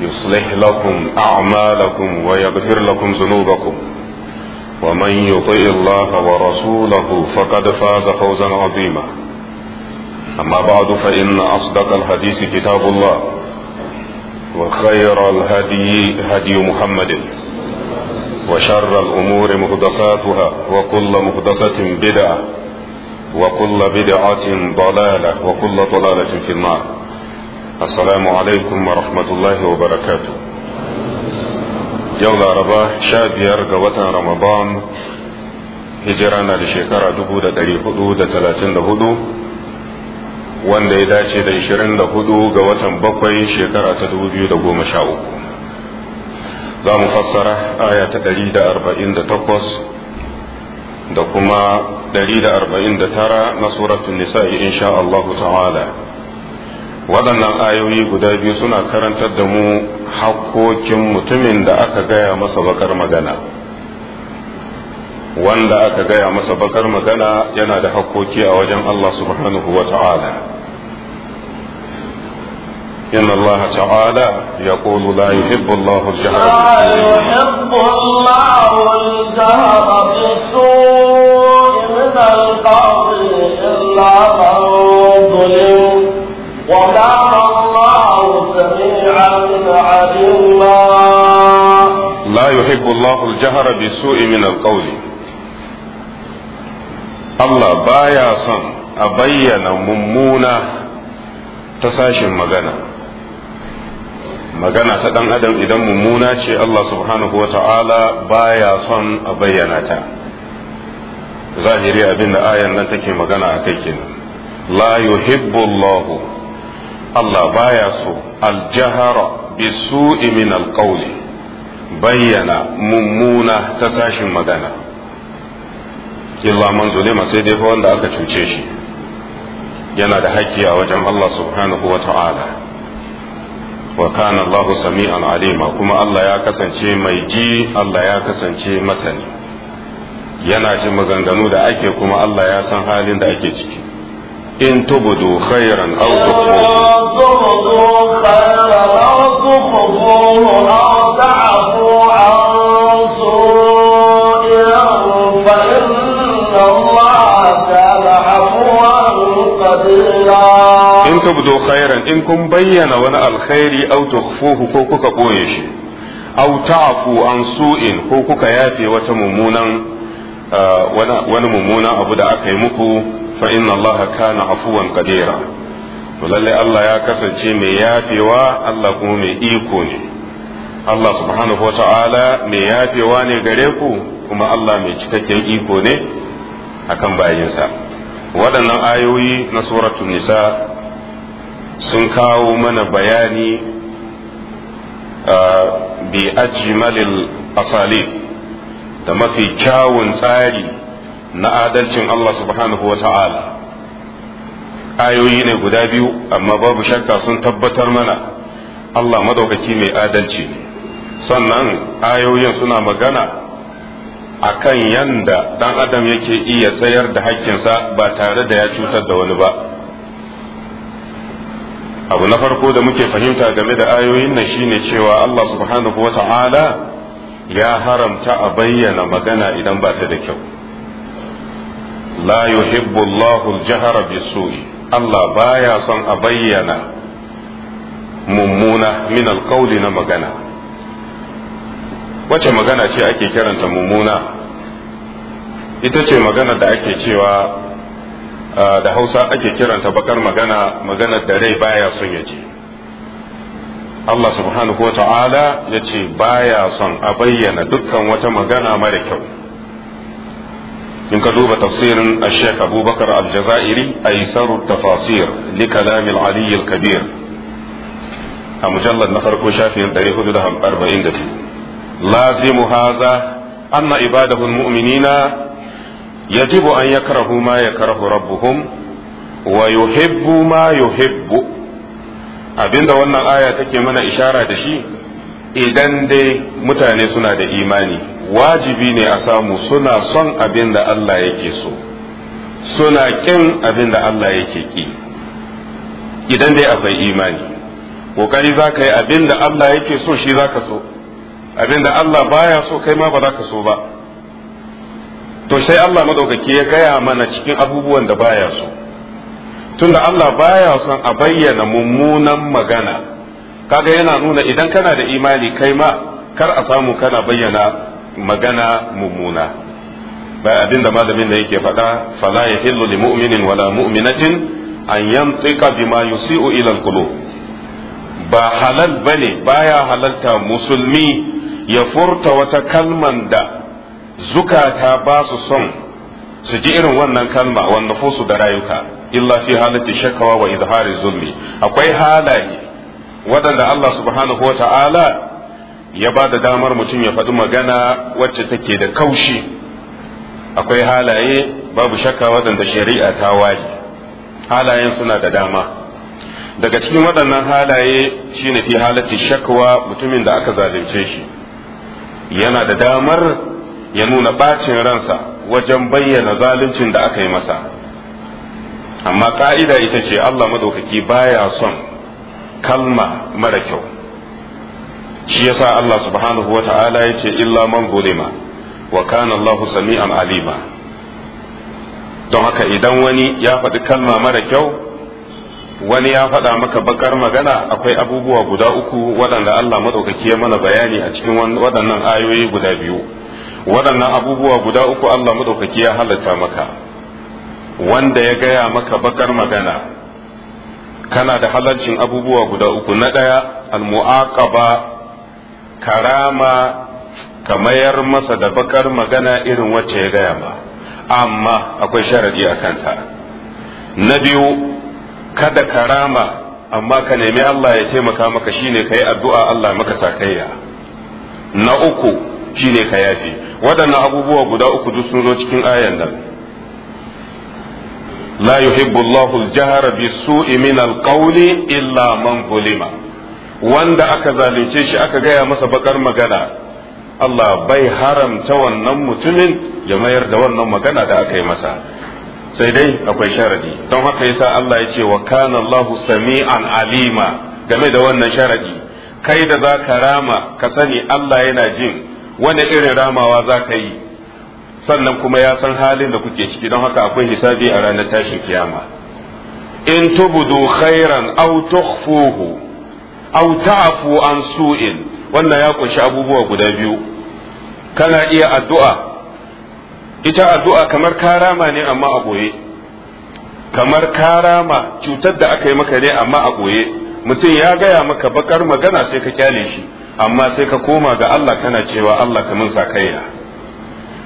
يصلح لكم أعمالكم ويغفر لكم ذنوبكم ومن يطع الله ورسوله فقد فاز فوزا عظيما أما بعد فإن أصدق الحديث كتاب الله وخير الهدي هدي محمد وشر الأمور مهدساتها وكل مهدسة بدعة وكل بدعة ضلالة وكل ضلالة في النار السلام عليكم ورحمة الله وبركاته يوم ربا شابير قوة رمضان هجرانا لشيكرا دبو دا دلي حدو دا تلاتين دا حدو وان دا يداتي دا يشرين دا حدو قوة بقوي شيكرا تدبو بيو دا قوم شاو لا مفسرة آية دلي دا أربعين دا تقوص دا كما دلي دا أربعين دا ترى نصورة النساء إن شاء الله تعالى waɗannan ayoyi guda biyu suna karantar da mu hakkokin mutumin da aka gaya masa bakar magana wanda aka gaya masa bakar magana yana da hakkoki a wajen Allah subhanahu wa ta'ala إن الله تعالى يقول لا يحب الله الجهر لا يحب الله الجهر بالسوء من القول إلا من Allahu al-jahra bi su'i Allah baya son a bayyana mummuna ta sashin magana magana ta dan adam idan mummuna ce Allah subhanahu wa ta'ala baya son a bayyana ta zahiri abin da ayan nan take magana a kenan la yu hibbullahu. Allah baya so al-jahra bi su'i bayyana mummuna ta sashin magana kila man sai dai fa wanda aka cuce shi yana da haƙƙi a wajen Allah subhanahu wa ta'ala wa kana Allah sami'an alima kuma Allah ya kasance mai ji Allah ya kasance masani yana jin maganganu da ake kuma Allah ya san halin da ake ciki إن تبدوا خيرا أو تخفوه خيرا أو تخفوه أو تعفو عن سوء فإن الله كان عفوا قديرا إن تبدوا خيرا إن كن بين ونا الخير أو تخفوه كوكو كبويش أو تعفو عن سوء كوكو ياتي وتممونا wani mummunan abu da aka yi muku fa inna Allah kana afuwan qadira to lalle Allah ya kasance mai yafewa Allah kuma mai iko ne Allah subhanahu wata'ala mai yafewa ne gare ku kuma Allah mai cikakken iko ne akan bayinsa waɗannan ayoyi na suratul nisa sun kawo mana bayani bi ajmalil asali da mafi kyawun tsari na adalcin Allah subhanahu wa ta'ala ayoyi ne guda biyu amma babu shakka sun tabbatar mana Allah madaukaki mai adalci sannan ayoyin suna magana a kan yanda ɗan adam yake iya tsayar da sa ba tare da ya cutar da wani ba abu na farko da muke fahimta game da ayoyin nan shine cewa Allah subhanahu wa ta'ala ya haramta a bayyana magana idan ba ta da kyau la yuhibbu Allahu al-jahra bisu'i Allah baya son a bayyana mummuna min alqawli na magana wace magana ce ake kiranta mummuna ita ce magana da ake cewa ah, da Hausa ake kiranta bakar magana magana da rai baya son ya ce. Allah subhanahu wa ta'ala ya ce baya son a bayyana dukkan wata magana mara kyau in ka duba tafsirin a sheikh abubakar al-jaza'iri a yisaru tafasir li kalamil aliyyil kabir a mujallar na farko shafin 442 lazimu haza anna ibadahul mu'minina yajibu an yakrahu ma yakrahu rabbuhum wa yuhibbu ma yuhibbu abinda wannan aya take mana ishara da shi idan dai mutane suna da imani wajibi ne a samu suna son abin da Allah yake so suna kin abin da Allah yake ki idan dai akwai imani kokari za ka yi abin da Allah yake so shi za ka so abin da Allah baya so kai ma ba za ka so ba to sai Allah madaukaki ya gaya mana cikin abubuwan da baya so tunda Allah baya son a bayyana mummunan magana kaga yana nuna idan kana da imani kai ma kar a samu kana bayyana magana mummuna ba abin da malamin da yake faɗa fala yahillu li mu'minin wala mu'minatin an yantika bima yusi'u ila ba halal bane baya halalta musulmi ya furta wata kalman da zukata ba su son su ji irin wannan kalma wanda fusu da rayuka illa fi halati shakawa wa izhari zulmi akwai halaye waɗanda Allah subhanahu wa ya ba da damar mutum ya faɗi magana wacce take da kaushi akwai halaye babu shakka waɗanda shari'a ta waye. halayen suna da dama daga cikin waɗannan halaye shine fi halati shakwa mutumin da aka zalunce shi yana da damar ya nuna bacin ransa wajen bayyana zaluncin da aka yi masa amma ƙa'ida ita ce Allah madaukaki baya son kalma mara kyau shi yasa Allah subhanahu wa ta'ala ya ce illa man gulima wa kana Allah sami'an alima don haka idan wani ya faɗi kalma mara kyau wani ya faɗa maka bakar magana akwai abubuwa guda uku waɗanda Allah madaukaki ya mana bayani a cikin waɗannan ayoyi guda biyu waɗannan abubuwa guda uku Allah maɗaukaki ya halatta maka wanda ya gaya maka bakar magana kana da halarcin abubuwa guda uku na ɗaya almu'aqaba karama ka mayar masa da bakar magana irin wacce ya gaya ma amma akwai sharadi a kanta na biyu kada karama amma ka nemi Allah ya taimaka maka shine ka yi addu'a Allah maka sakayya na uku shine ka yafi waɗannan abubuwa guda uku duk sun zo cikin ayan nan la yuhibbu Allahu al illa man wanda aka zalunce shi aka gaya masa baƙar magana Allah bai haramta wannan mutumin ya mayar da wannan magana da aka yi masa sai dai akwai sharaɗi. don haka yasa Allah ya ce wa kana Allahu sami'an alima game da wannan sharaɗi. kai da za ka rama ka sani Allah yana jin wani irin ramawa za ka yi sannan kuma ya san halin da kuke ciki don haka akwai hisabi a ranar tashin kiyama in tubudu khairan aw tukhfuhu aw ta'fu an su'in wannan ya kunshi abubuwa guda biyu kana iya addu'a ita addu'a kamar karama ne amma a boye kamar karama cutar da aka yi maka ne amma a boye mutum ya gaya maka bakar magana sai ka kyale shi amma sai ka koma ga Allah kana cewa Allah ka min sa kaina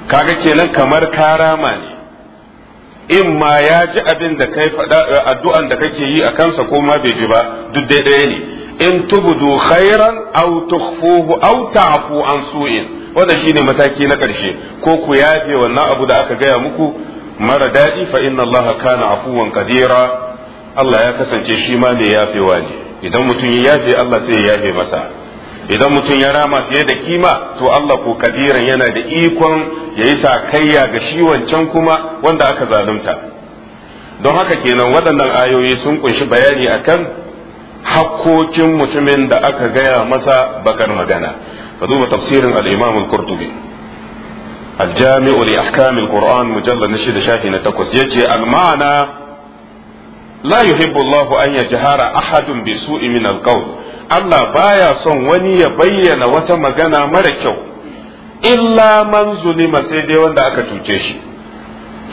kaga kenan kamar karama ne in ma ya ji abin da kai faɗa eh, addu'an da kake yi a kansa ko ma bai ji ba duk dai ɗaya ne in tubudu khairan aw tukhfuhu aw ta'fu an su'in wannan shine mataki na ƙarshe ko ku yafe wannan abu da aka gaya muku mara daɗi fa inna Allah kana afuwan kadira Allah ya kasance shi ma mai yafewa ne idan mutum ya yafe Allah sai ya yafe masa idan mutum ya rama fiye da kima to Allah ko kadiran yana da ikon ya yi sakayya ga shi wancan kuma wanda aka zalunta don haka kenan waɗannan ayoyi sun kunshi bayani akan hakkokin mutumin da aka gaya masa bakar magana ka duba tafsirin al-imam al-qurtubi nashid shafi na مجلد yace al-ma'ana la yuhibbu Allahu an yajhara ahadun bi su'i min al-qawl Allah baya son wani ya bayyana wata magana mara kyau illa man zulima sai dai wanda aka cuce shi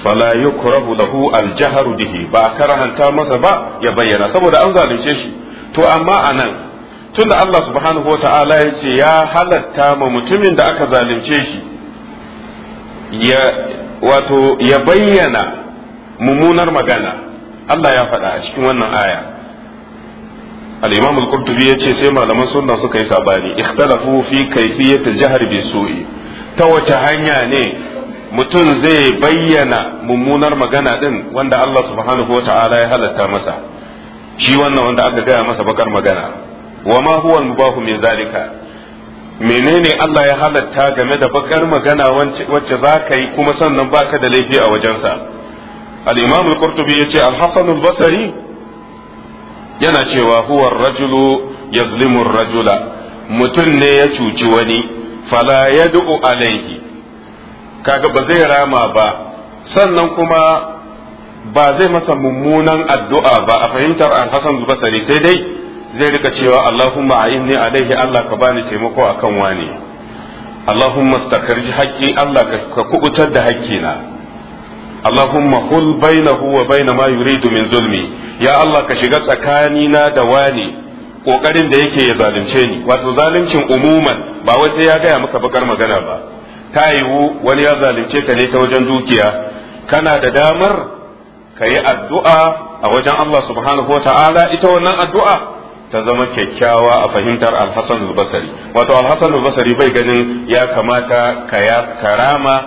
fala yukrahu lahu aljaharu bihi ba karahanta masa ba ya bayyana saboda an zalunce shi to amma anan tunda Allah subhanahu wata'ala ya ce ya halatta ma mutumin da aka zalunce shi ya wato ya bayyana mummunar magana Allah ya faɗa a cikin wannan aya al-imam al-qurtubi yace sai malaman sunna suka yi sabani ikhtalafu fi kayfiyat al-jahr bi ta wace hanya ne mutum zai bayyana mummunar magana din wanda Allah subhanahu wa ta'ala ya halatta masa shi wannan wanda aka gaya masa bakar magana wa ma huwa al-mubahu min zalika menene Allah ya halatta game da bakar magana wacce za ka yi kuma sannan baka da laifi a wajensa al-imam al-qurtubi yace al-hasan yana cewa huwa rajulu yazlimu rajula mutum ne ya cuci wani fala yad'u alaihi kaga ba zai rama ba sannan kuma ba zai masa mummunan addu'a ba a fahimtar an hasan basari sai dai zai rika cewa Allahumma a'inni alaihi Allah ka bani taimako akan wani Allahumma stakarji haƙƙi Allah ka kubutar da haƙƙina Allahumma hul bainahu baina ma yuridu min zulmi ya Allah ka shiga tsakani na da wani kokarin da yake ya zalunce ni wato zaluncin umuman ba wai sai ya gaya maka bakar magana ba ta yiwu wani ya zalunce ka ne ta wajen dukiya kana da damar ka yi addu'a a wajen Allah subhanahu wa ita wannan addu'a ta zama kyakkyawa a fahimtar alhassan basari wato alhassan basari bai ganin ya kamata ka ya karama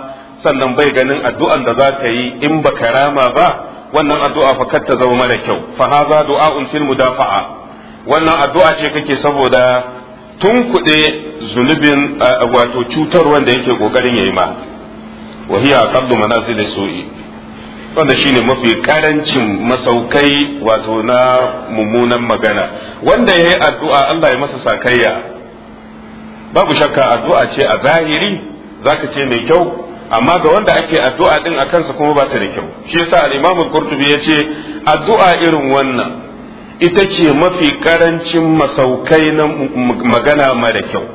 sannan bai ganin addu'an da za ka yi in ba ka rama ba wannan addu'a fa kar ta zama mara kyau fa haza du'a'un fil mudafa'a wannan addu'a ce kake saboda tun kuɗe zunubin wato cutar wanda yake kokarin yayi ma wa hiya aqallu manazil su'i wanda shine mafi karancin masaukai wato na mummunan magana wanda yayi addu'a Allah ya masa sakayya babu shakka addu'a ce a zahiri zaka ce mai kyau amma ga wanda ake addu'a din a kansa kuma ba ta da kyau shi yasa al-Imam al-Qurtubi yace addu'a irin wannan ita ce mafi karancin masaukai na magana mara kyau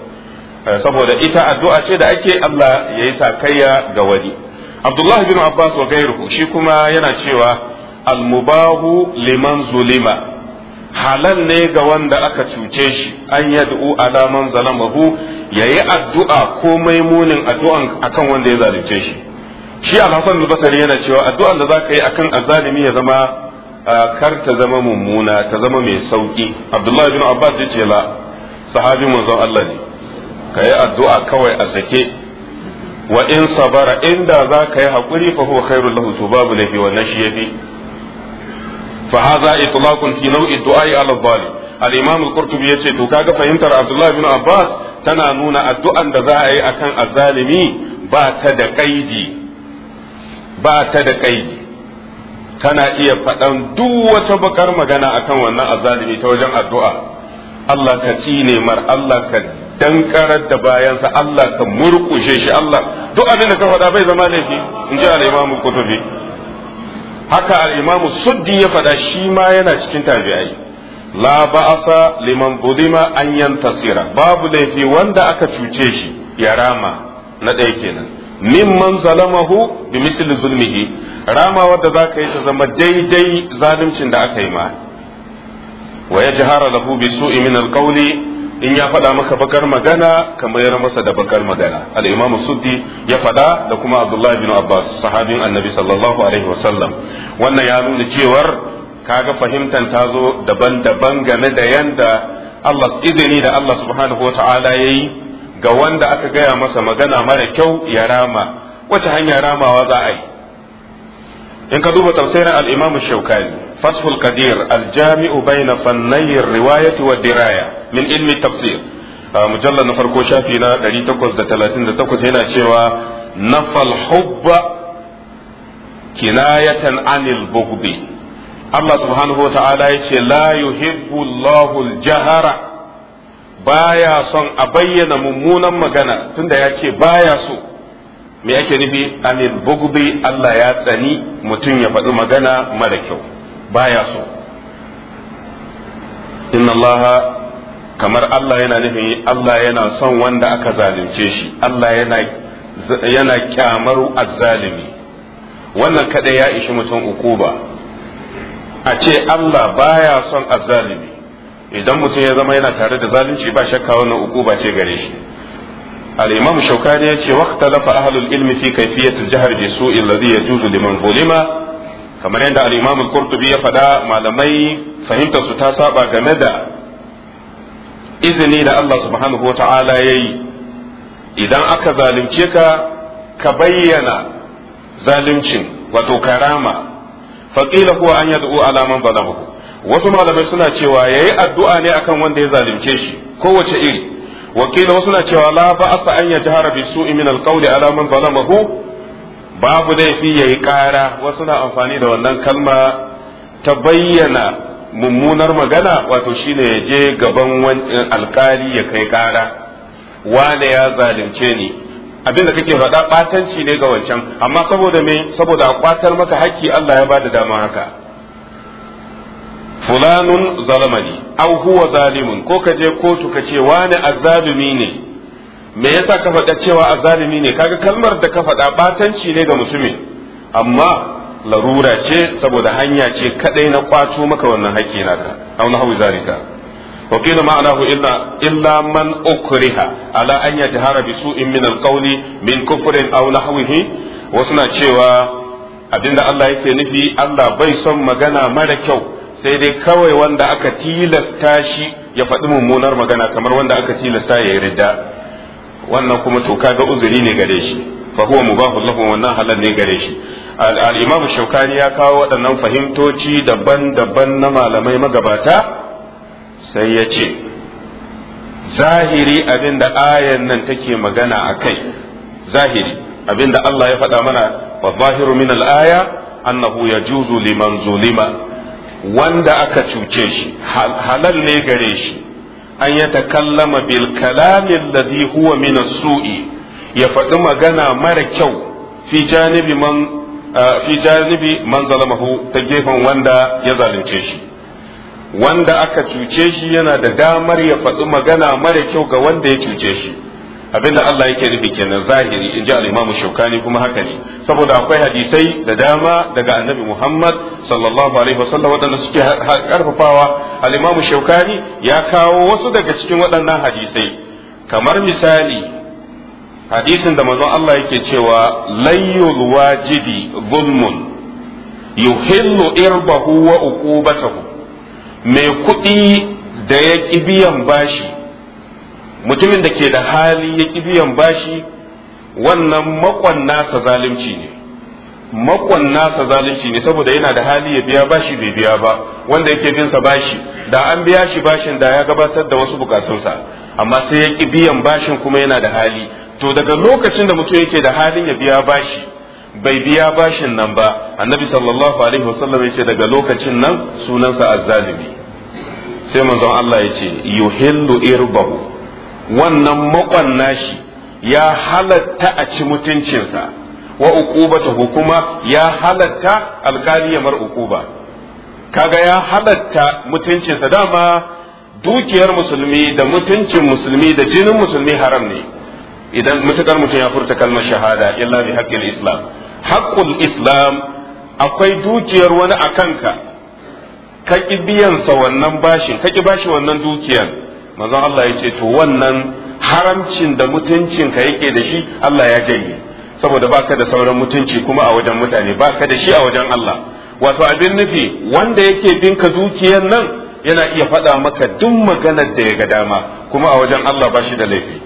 eh, saboda ita addu'a ce da ake Allah yayi sakayya ga wani Abdullah bin Abbas wa gairuhu shi kuma yana cewa al-mubahu liman zulima halal ne ga wanda aka cuce shi an yad'u ala man zalamahu yayi addu'a ko munin addu'an akan wanda ya zalunce shi shi al-Hasan al-Basri yana cewa addu'an da zaka yi akan azalimi ya zama kar ta zama mummuna ta zama mai sauki Abdullahi bin Abbas ya ce la sahabi manzon Allah ne kayi addu'a kawai a sake wa in sabara inda zaka yi hakuri fa huwa khairul lahu to babu wa wannan yafi fa hadha itlaqun fi naw'i du'a'i ala zalim al-imam al-qurtubi yace to kaga fahimtar abdullah bin abbas tana nuna addu'an da za a yi akan azzalimi ba ta da kaidi ba ta da kaidi kana iya faɗan duk wata bakar magana akan wannan azalimi ta wajen addu'a Allah ka tsine mar Allah ka dankarar da bayansa Allah ka murƙushe shi Allah duk abin ka faɗa bai zama laifi in ji al-Imam Qurtubi haka al-imamu suddi ya faɗa shi ma yana cikin tabi'ai la ba'asa liman budima an tasira babu laifi wanda aka cuce shi ya rama na ɗaya kenan mimman zalamahu bi misli zulmihi rama wadda zaka yi ta zama daidai zaluncin da aka yi ma wa jihara lahu bi su'i min in ya faɗa maka bakar magana ka mayar masa da bakar magana al-imam suddi ya faɗa da kuma abdullahi bin abbas sahabin annabi sallallahu alaihi wasallam wannan ya nuna cewar kaga fahimtan ta zo daban-daban game da yanda Allah izini da Allah subhanahu ya yi ga wanda aka gaya masa magana mara kyau ya rama wace hanya ramawa za a yi in ka duba tafsirin al-imam shaukani فتح القدير الجامع بين فني الرواية والدراية من علم التفسير مجلد نفرقو شافينا دلي تقوز دا تلاتين دا تقوز هنا شوى نفى الحب كناية عن البغض الله سبحانه وتعالى يقول لا يحب الله الجهر baya son a bayyana mummunan magana tunda ya ce baya so me yake nufi anil bugbi Allah ya tsani mutum ya faɗi magana mara kyau baya so inna kamar Allah yana nufin Allah yana son wanda aka zalunce shi Allah yana yana kyamar azzalimi wannan kada ya ishi mutum ukuba a ce Allah baya son azzalimi idan mutum ya zama yana tare da zalunci ba shakka wannan ukuba ce gare shi al-imam shaukani ya ce waqtalafa ahlul ilmi fi kayfiyati al-jahr bi su'i alladhi yajuzu liman zulima kamar yadda al-imam al-qurtubi ya faɗa malamai fahimtar su ta saba game da izini da Allah subhanahu ya yi. idan aka zalunce ka ka bayyana zaluncin wato karama faqila kuwa an yad'u ala man wasu malamai suna cewa yayi addu'a ne akan wanda ya zalunce shi kowace iri wakila wasu na cewa la asa an yajhara harabi su'i min al-qawli ala man babu laifi ya yi ƙara wasu na amfani da wannan kalma ta bayyana mummunar magana wato shine ya je gaban alkali ya kai ƙara wane ya zalunce ni abinda kake faɗa ɓatanci ne ga wancan amma saboda me saboda a ƙwatar maka hakki Allah ya bada dama haka fulanun zalamani au huwa zalimun ko ka je kotu ka wane wani azzalumi ne me yasa ka faɗa cewa azalimi ne kaga kalmar da ka faɗa batanci ne ga mutumin amma larura ce saboda hanya ce kadai na kwato maka wannan haƙƙi naka aw na hawi zalika wa qila ma'anahu illa illa man ukriha ala an yajhara bi su'in min alqawli min kufrin aw nahwihi wasu na cewa abinda Allah yake nufi Allah bai son magana mara kyau sai dai kawai wanda aka tilasta shi ya faɗi mummunar magana kamar wanda aka tilasta ya yi ridda wannan kuma to kaga uzuri ne gare shi fa huwa mubahu lahu wannan halal ne gare shi al shaukani ya kawo waɗannan fahimtoci daban-daban na malamai magabata sai ya ce zahiri abin da ayan nan take magana a kai zahiri abin da Allah ya faɗa mana wa zahiru min al-aya annahu yajuzu liman zulima wanda aka cuce shi halal ne gare shi an yatakallama bil da zai huwa min sui ya faɗi magana mara kyau fi janibi man fi zalamahu ta gefen wanda ya zalunce shi wanda aka cuce shi yana da damar ya faɗi magana mara kyau ga wanda ya cuce shi abinda Allah yake nufi kenan zahiri in ji al-Imam Shawkani kuma haka ne saboda akwai hadisai da dama daga Annabi Muhammad sallallahu alaihi wasallam waɗanda suke karfafawa al-Imam Shawkani ya kawo wasu daga cikin waɗannan hadisai kamar misali hadisin da manzon Allah yake cewa layyul wajidi zulmun yuhillu irbahu wa uqubatahu mai kuɗi da ya biyan bashi mutumin da ke da hali ya ki biyan bashi wannan makon nasa zalunci ne makon nasa zalunci ne saboda yana da hali ya biya bashi bai biya ba wanda yake bin sa bashi da an biya shi bashin da ya gabatar da wasu bukatunsa amma sai ya ki biyan bashin kuma yana da hali to daga lokacin da mutum yake da halin ya biya bashi bai biya bashin nan ba annabi sallallahu alaihi wasallam yace daga lokacin nan sunansa azzalimi sai manzon Allah ya ce yuhillu irbahu wannan makon nashi ya halatta a ci mutuncinsa wa uqubatahu hukuma ya halatta alkali ya mar kaga ya halatta mutuncinsa dama dukiyar musulmi da mutuncin musulmi da jinin musulmi haram ne idan mutukar mutum ya furta kalmar shahada illa bi haqqil islam haqqul islam akwai dukiyar wani akanka ka ka biyan sa wannan bashin ka ki bashi wannan dukiyar manzon Allah ya ce to wannan haramcin da mutuncin ka yake da shi Allah ya janye saboda baka da sauran mutunci kuma a wajen mutane baka da shi a wajen Allah wato abin nufi wanda yake binka ka dukiyar nan yana iya faɗa maka duk maganar da ya ga dama kuma a wajen Allah ba shi da laifi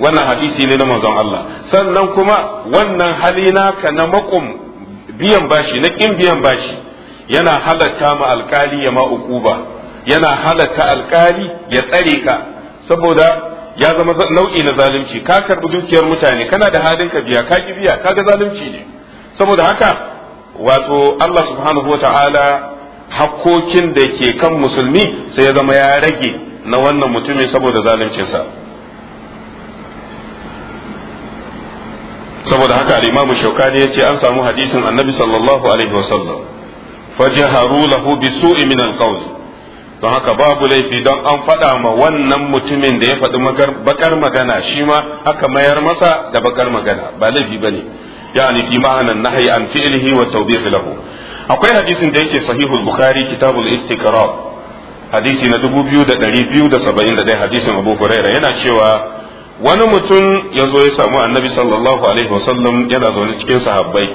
wannan hadisi ne na manzon Allah sannan kuma wannan hali naka na makum biyan bashi na kin biyan bashi yana halatta ma alkali ya ma ukuba yana halatta alkali ya tsare ka saboda ya zama nau'i na zalunci ka karbi dukiyar mutane kana da halin ka biya ka biya kaga zalunci ne saboda haka wato Allah subhanahu wataala hakkokin da ke kan musulmi sai ya zama ya rage na wannan mutumin saboda zaluncinsa saboda haka al shaukani ya ce an samu hadisin annabi sallallahu alaihi wasallam fajaharu lahu bisu'i min al don haka babu laifi don an faɗa ma wannan mutumin da ya faɗi bakar magana shi ma aka mayar masa da bakar magana ba laifi ne. yani fi ma'anan nahyi an fi'lihi wa tawbihi lahu akwai hadisin da yake sahihul bukhari kitabul Istikrar hadisi na 2271 hadisin abu huraira yana cewa wani mutum ya zo ya samu annabi sallallahu alaihi wasallam yana zaune cikin sahabbai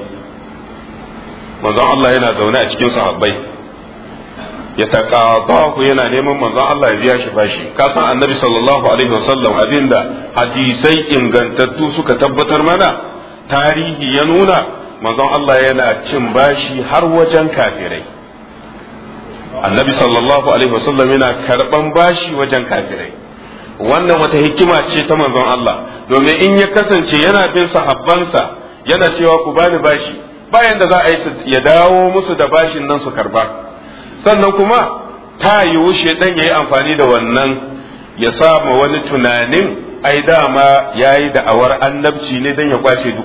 manzon Allah yana zaune a cikin sahabbai ya taqadahu yana neman manzon Allah ya biya shi bashi ka san annabi sallallahu alaihi wasallam abinda hadisai ingantattu suka tabbatar mana tarihi ya nuna manzon Allah yana cin bashi har wajen kafirai annabi sallallahu alaihi wasallam yana karban bashi wajen kafirai wannan wata hikima ce ta manzon Allah domin in ya kasance yana bin sahabbansa yana cewa ku bani bashi bayan da za a yi ya dawo musu da bashin nan su karba sannan kuma ta yiwu shedan ya yi amfani da wannan ya sa ma wani tunanin ai dama ya yi da'awar annabci ne don ya kwace mu.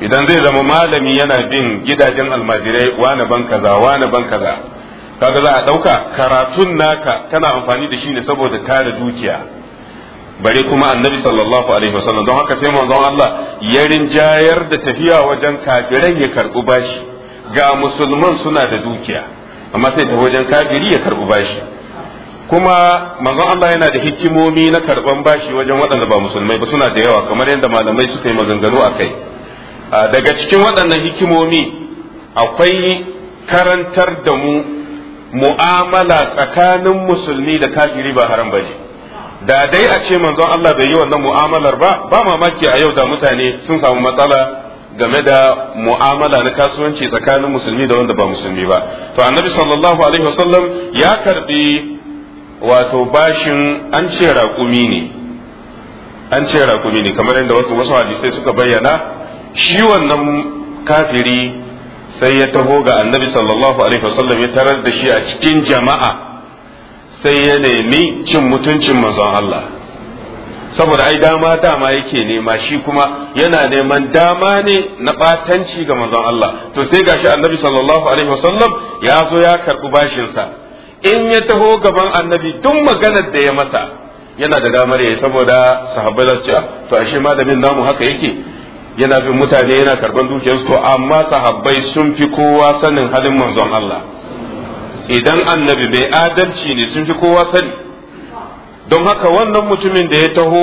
idan zai zama malami yana bin gidajen almajirai wani ban kaza wani ban kaza kaga za a ɗauka karatun naka kana amfani da shi ne saboda kare dukiya bare kuma annabi sallallahu alaihi wasallam don haka sai manzon Allah ya rinjayar da tafiya wajen kafiran ya karɓi bashi ga musulman suna da dukiya amma sai ta wajen kafiri ya karɓi bashi kuma manzon Allah yana da hikimomi na karɓan bashi wajen waɗanda ba musulmai ba suna da yawa kamar yadda malamai suka yi maganganu a kai daga cikin waɗannan hikimomi akwai karantar da mu mu'amala tsakanin musulmi da kafiri ba haram ba da dai a ce manzon Allah bai yi wannan mu'amalar ba ba mamaki a yau da mutane sun samu matsala game da mu'amala na kasuwanci tsakanin musulmi da wanda ba musulmi ba to annabi sallallahu alaihi wasallam ya karbi wato bashin an ce raƙumi ne an ce raƙumi ne kamar yadda wasu wasu hadisai suka bayyana shi wannan kafiri sai ya taho ga annabi sallallahu alaihi wasallam ya tarar da shi a cikin jama'a sai ya nemi cin mutuncin manzon Allah saboda ai dama dama yake nema shi kuma yana neman dama ne na batanci ga manzon Allah to sai gashi annabi sallallahu alaihi wasallam ya zo ya karɓi bashinsa in ya taho gaban annabi tun maganar da ya masa yana da damar yayi saboda sahabbai za su ah, to ashe malamin namu haka yake yana bin mutane yana karban dukiyarsu to amma sahabbai sun fi kowa sanin halin manzon Allah idan annabi bai adalci ne sun fi kowa sani don haka wannan mutumin da ya taho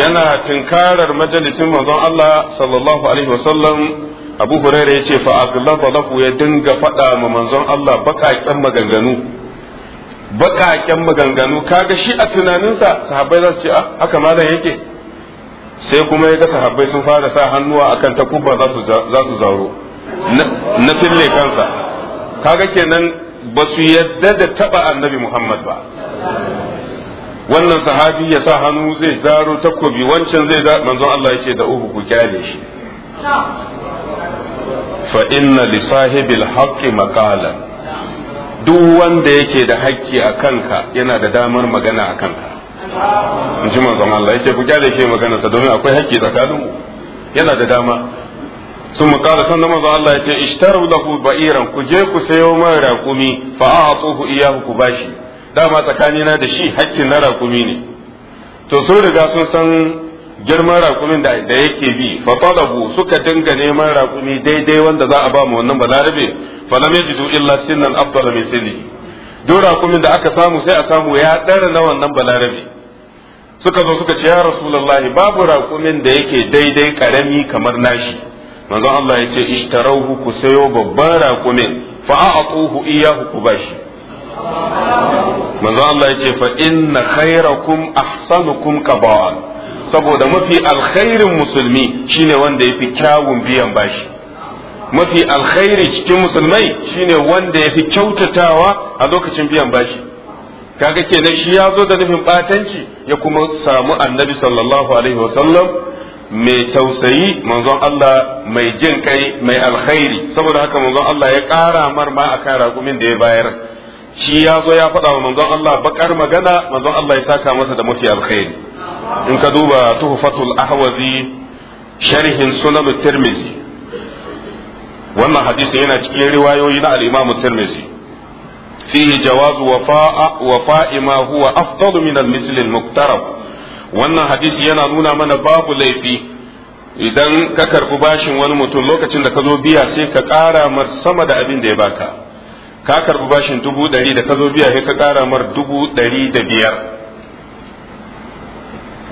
yana tinkarar majalisin manzon Allah sallallahu alaihi wasallam Abu Hurairah yace fa aghlaba lahu ya dinga fada ma manzon Allah bakakken maganganu bakakken maganganu kaga shi a tunaninsa sahabbai za su ce ah haka malam yake sai kuma ya ga sahabbai sun fara sa hannuwa akan takubba za su za su zaro na fille kansa kaga kenan ba su yadda da taba annabi Muhammad ba wannan sahabi ya sa hannu zai zaro takobi wancan zai da manzon Allah yake da uhu ku kyale shi fa inna li sahibil haqqi maqalan duk wanda yake da hakki a kanka yana da damar magana a kanka in ji manzon Allah yake ku kyale shi magana ta domin akwai hakki tsakaninmu yana da dama sun makara sannan manzo Allah ya ce ishtaru lahu ba'iran ku je ku sayo man raƙumi fa a'tuhu iyahu ku bashi dama na da shi hakkin na raƙumi ne to sun riga sun san girman raƙumin da yake bi fa talabu suka dinga neman raƙumi daidai wanda za a ba mu wannan balarabe fa lam yajidu illa sinnan afdal min sinni duk raƙumin da aka samu sai a samu ya ɗara na wannan balarabe suka zo suka ce ya rasulullahi babu raƙumin da yake daidai karami kamar nashi manzon Allah ya ce ishtarauhu ku sayo babban raƙumin fa a'tuhu iyahu ku bashi manzon Allah ya ce fa inna khairakum ahsanukum qaba'an saboda mafi alkhairin musulmi shine wanda yafi kyawun biyan bashi mafi alkhairi cikin musulmai shine wanda yafi kyautatawa a lokacin biyan bashi kaga kenan shi ya zo da nufin batanci ya kuma samu annabi sallallahu alaihi wasallam mai tausayi manzon Allah mai jin kai mai alkhairi saboda haka manzon Allah ya ƙara marma akan ragumin da ya bayar shi ya zo ya faɗa wa manzon Allah bakar magana manzon Allah ya saka masa da mafi alkhairi in ka duba tuhfatul ahwazi sharhin sunan tirmizi wannan hadisi yana cikin riwayoyi na al-imam tirmizi fihi jawazu wafa'a wafa'i ma huwa afdalu min al-misl al-muqtarab wannan hadisi yana nuna mana babu laifi idan ka karbi bashin wani mutum lokacin da ka zo biya sai ka ƙara mar sama da abin da ya baka ka karbi bashin dubu ɗari da ka zo biya sai ka ƙara mar dubu ɗari da biyar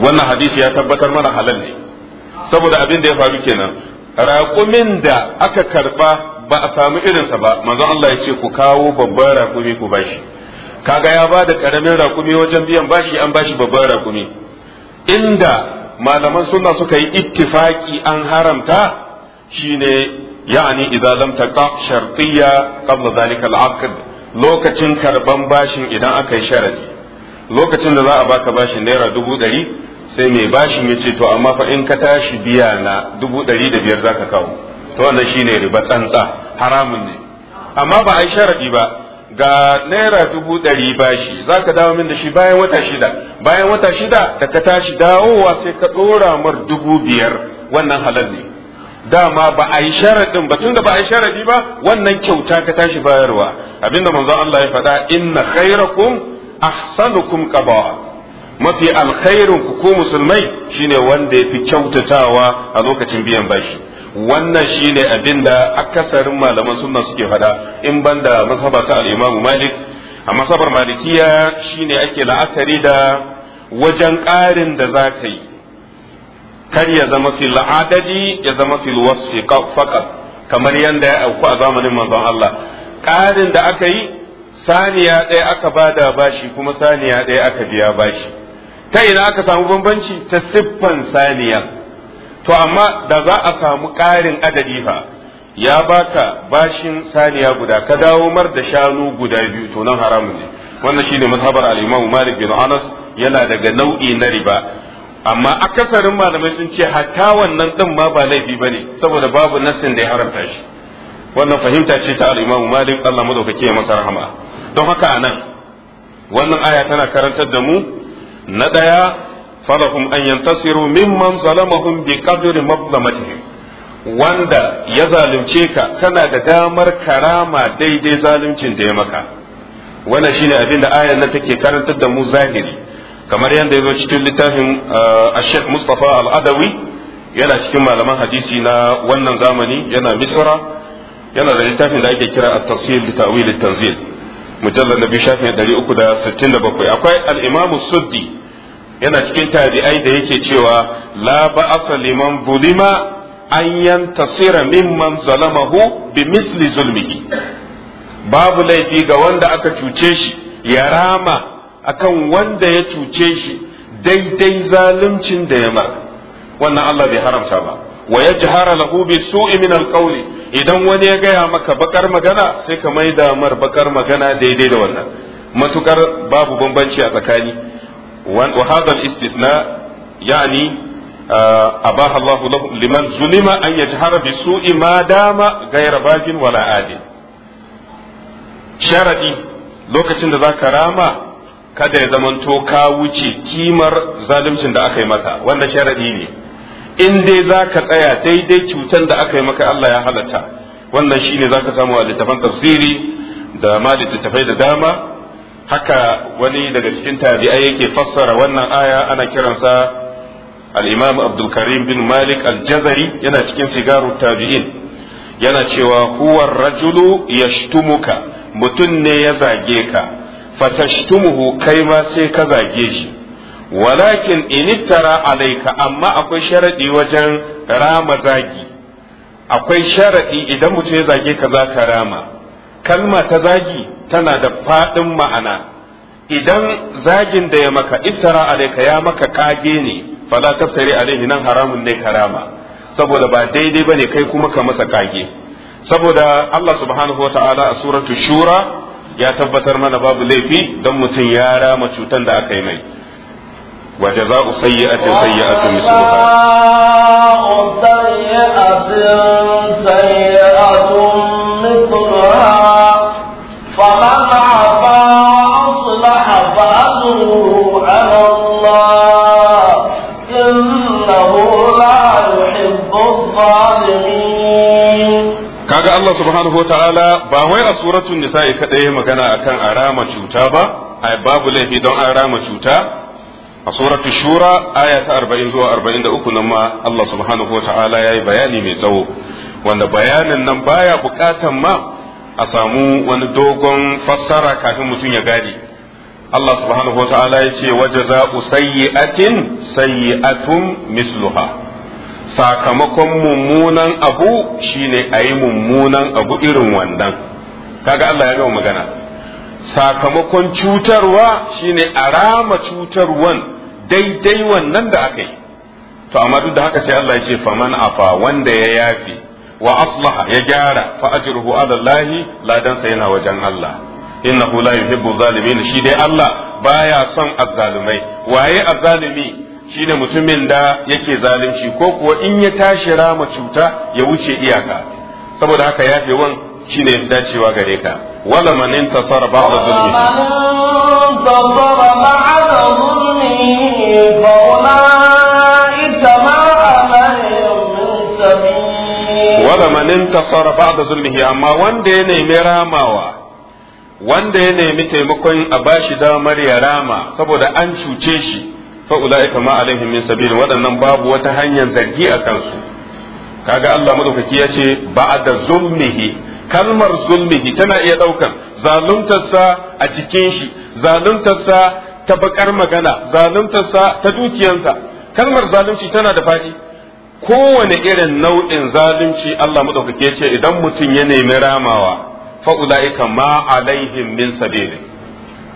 wannan hadisi ya tabbatar mana halal ne saboda abin da ya faru kenan raƙumin da aka karba ba a samu irinsa ba manzo Allah ya ce ku kawo babban raƙumi ku bashi kaga ya bada da ƙaramin raƙumi wajen biyan bashi an bashi babban raƙumi inda malaman suna suka yi ittifaki an haramta shine ya'ani idan lam taqa shartiyya qabla zalika al-aqd lokacin karban bashin idan aka yi sharadi lokacin da za a baka bashin naira dubu ɗari sai mai bashin ya ce to amma fa in ka tashi biya na dubu ɗari da biyar za ka kawo to wannan shine riba tsantsa haramun ne amma ba a yi sharadi ba ga naira dubu ɗari bashi za ka dawo min da shi bayan wata shida bayan wata shida da ka tashi dawowa sai ka ɗora mar dubu biyar wannan halal ne dama ba a yi sharaɗin ba tun da ba a yi sharaɗi ba wannan kyauta ka tashi bayarwa abinda manzo Allah ya faɗa inna khairakum ahsanukum qada mafi alkhairin ku ko musulmai shine wanda ya fi kyautatawa a lokacin biyan bashi wannan shine abin da akasarin malaman sunna suke fada in banda mazhaba ta al-Imam Malik a mazhabar Malikiya shine ake la'akari da wajen ƙarin da za ka yi kar ya zama fil adadi ya zama fil wasfi faqat kamar yanda ya auku a zamanin manzon Allah ƙarin da aka yi saniya ɗaya aka bada bashi kuma saniya ɗaya aka biya bashi ta ina aka samu bambanci ta siffan saniya to amma da za a samu ƙarin adadi fa ya baka bashin saniya guda ka dawo mar da shanu guda biyu to nan haramun ne wannan shine mazhabar al-Imam Malik bin Anas yana daga nau'i na riba amma akasarin malamai sun ce hatta wannan din ma ba laifi bane saboda babu nassin da ya haramta shi wannan fahimta ce ta al-Imam Malik Allah madaukake ya masa rahama don haka anan wannan aya tana karantar da mu na daya falahum an yantasiru mimman zalamahum bi qadri mazlamatihim wanda ya zalunce ka kana da damar karama daidai zaluncin da ya maka wannan shine abin da ayar nan take karantar da mu zahiri kamar yadda ya zo cikin littafin Sheikh Mustafa Al-Adawi yana cikin malaman hadisi na wannan zamani yana Misra yana da littafin da ake kira At-Tafsir li Ta'wil At-Tanzil mujallad na biyu shafin 367 akwai Al-Imam Suddi yana cikin tabi'ai da yake cewa la ba'asa liman bulima an yantasira mimman zalamahu bi misli zulmihi babu laifi ga wanda aka cuce shi ya rama akan wanda ya cuce shi daidai zaluncin da ya mara wannan Allah bai haramta ba wa yajhara lahu bi su'i min alqawli idan wani ya gaya maka bakar magana sai ka maida mar bakar magana daidai da wannan matukar babu bambanci a tsakani وهذا الاستثناء يعني أباح الله له لمن ظلم أن يجهر بسوء ما دام غير باج ولا عادل sharadi lokacin da za ka rama kada ya zamanto ka wuce kimar zaluncin da aka yi maka wanda sharadi ne in dai za ka tsaya daidai cutar da aka yi maka Allah ya halatta wannan shine za ka samu a littafan tafsiri da ma littattafai da dama haka wani daga cikin tabi'ai yake fassara wannan aya ana kiransa al-imam abdul karim bin malik al-jazari yana cikin sigaru tabi'in yana cewa huwa rajulu yashtumuka mutum ne ya zage ka fatashtumuhu kai ma sai ka zage shi walakin inistara alaika amma akwai sharadi wajen rama zagi akwai sharadi idan mutum ya zage ka za ka rama kalma ta zagi tana da faɗin ma'ana idan zagin da ya maka iftara alayka ya maka kage ne fa za fala tafsiri alayhi nan haramun ne karama saboda ba daidai bane kai kuma ka masa kage saboda Allah subhanahu wa a suratu shura ya tabbatar mana babu laifi don mutum ya rama cutan da aka yi mai wa jaza'u sayyi'atin sayyi'atun misluha subhanahu wataala ba wai a suratul nisa'i kadai magana akan arama cuta ba ai babu laifi don arama cuta a suratul shura aya ta 40 zuwa 43 nan ma Allah subhanahu wataala yayi bayani mai tsawo wanda bayanin nan baya bukatan ma a samu wani dogon fassara kafin mutum ya gadi Allah subhanahu wataala ya ce wajaza'u sayyi'atin sayyi'atun misluha sakamakon mummunan abu shine a yi mummunan abu irin wannan kaga Allah ya gama magana sakamakon cutarwa shine a rama cutarwan daidai wannan da aka yi to amma duk da haka sai Allah ya ce faman afa wanda ya yafi wa aslaha ya gyara fa ajruhu ala Allah ladan sa yana wajen Allah innahu la yuhibbu zalimin shi dai Allah baya son azzalumai waye azzalumi shine mutumin da yake zalunci ko kuwa in ya tashi rama cuta ya wuce iyaka saboda haka yafewan shine ya dacewa gare ka wala man intasara ba'da zulmi intasara ba'da zulmi fa ulaika ma wala man intasara amma wanda ya nemi ramawa wanda ya nemi taimakon a bashi damar ya rama saboda an cuce shi fa ulaika ma alaihim min sabil waɗannan babu wata hanyar zargi a kansu kaga Allah madaukaki ya ce ba'da zulmihi kalmar zulmihi tana iya zaluntar zaluntarsa a cikin shi zaluntarsa ta bakar magana zaluntarsa ta dukiyansa kalmar zalunci tana da faɗi kowane irin nau'in zalunci Allah ya ce idan mutum ya nemi ramawa fa ulaika ma alaihim min sabil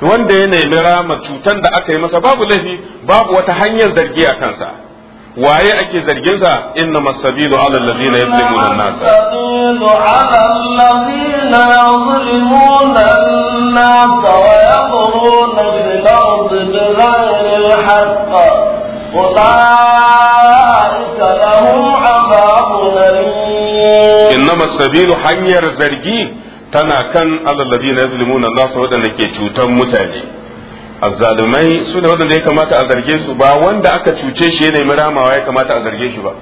wanda ya nemi rama cutan da aka yi masa babu laifi babu wata hanyar zargi a kansa waye ake zargin sa inna masabilu ala allazina yuzlimuna an-nas sabilu ala allazina yuzlimuna an-nas wa yaquluna bil ardi bighayri al-haqq ulaika lahum 'adabun alim inna masabilu hanyar zargi tana kan allallabi na yaslimuna Allah su da ke cutan mutane azzalumai su ne wanda ya kamata a zarge su ba wanda aka cuce shi ya nemi ramawa ya kamata a zarge shi ba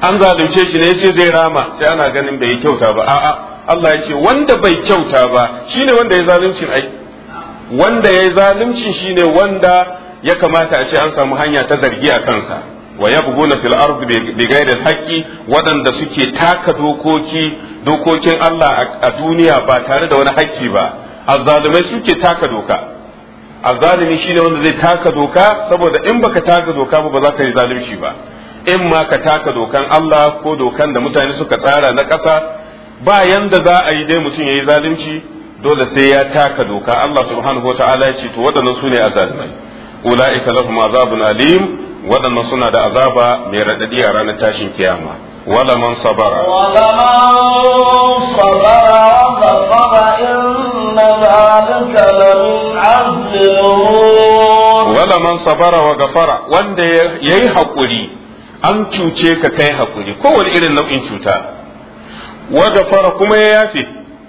an zalunce shi ne yace zai rama sai ana ganin bai kyauta ba a'a Allah ya ce wanda bai kyauta ba shine wanda ya zaluncin ai wanda ya zaluncin shine wanda ya kamata a ce an samu hanya ta zargi a kansa wa yabghuna fil ardi bi ghairi haqqi wadanda suke taka dokoki dokokin Allah a duniya ba tare da wani haƙƙi ba azzalumai suke taka doka azzalumi shine wanda zai taka doka saboda in baka taka doka ba za ka yi zalunci ba in ma ka taka dokan Allah ko dokan da mutane suka tsara na ƙasa bayan da za a yi dai mutum ya yi zalunci dole sai ya taka doka Allah subhanahu ta'ala ya ce to waɗannan su ne azzalumai ulaika lahum azabun alim waɗannan suna da azaba mai raɗaɗi a ranar tashin kiyama wala man sabara wala man sabara wa sabara inna zalika lamin azmin wala man sabara wa gafara wanda yayi hakuri an cuce ka kai hakuri kowane irin nau'in cuta wa gafara kuma ya yafe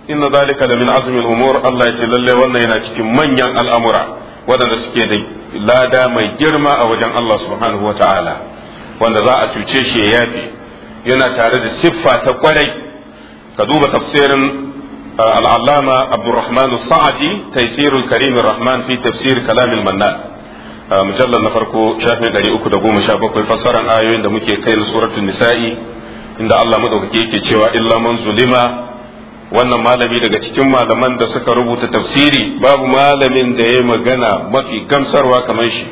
inna zalika kalamin azumin umur Allah ya ce lalle wannan yana cikin manyan al'amura waɗanda suke da lada mai girma a wajen Allah subhanahu wa ta'ala wanda za a cuce shi ya yafi yana tare da siffa ta kwarai ka duba tafsirin al'allama abdurrahman sa'adi taisirul karimin rahman fi tafsir Kalamin Manna. mujallar na farko shafin bakwai fassaran ayoyin da muke kai na nisa'i inda Allah madaukake yake cewa illa man zulima wannan malami daga cikin malaman da suka rubuta tafsiri babu malamin da ya magana mafi gamsarwa kamar shi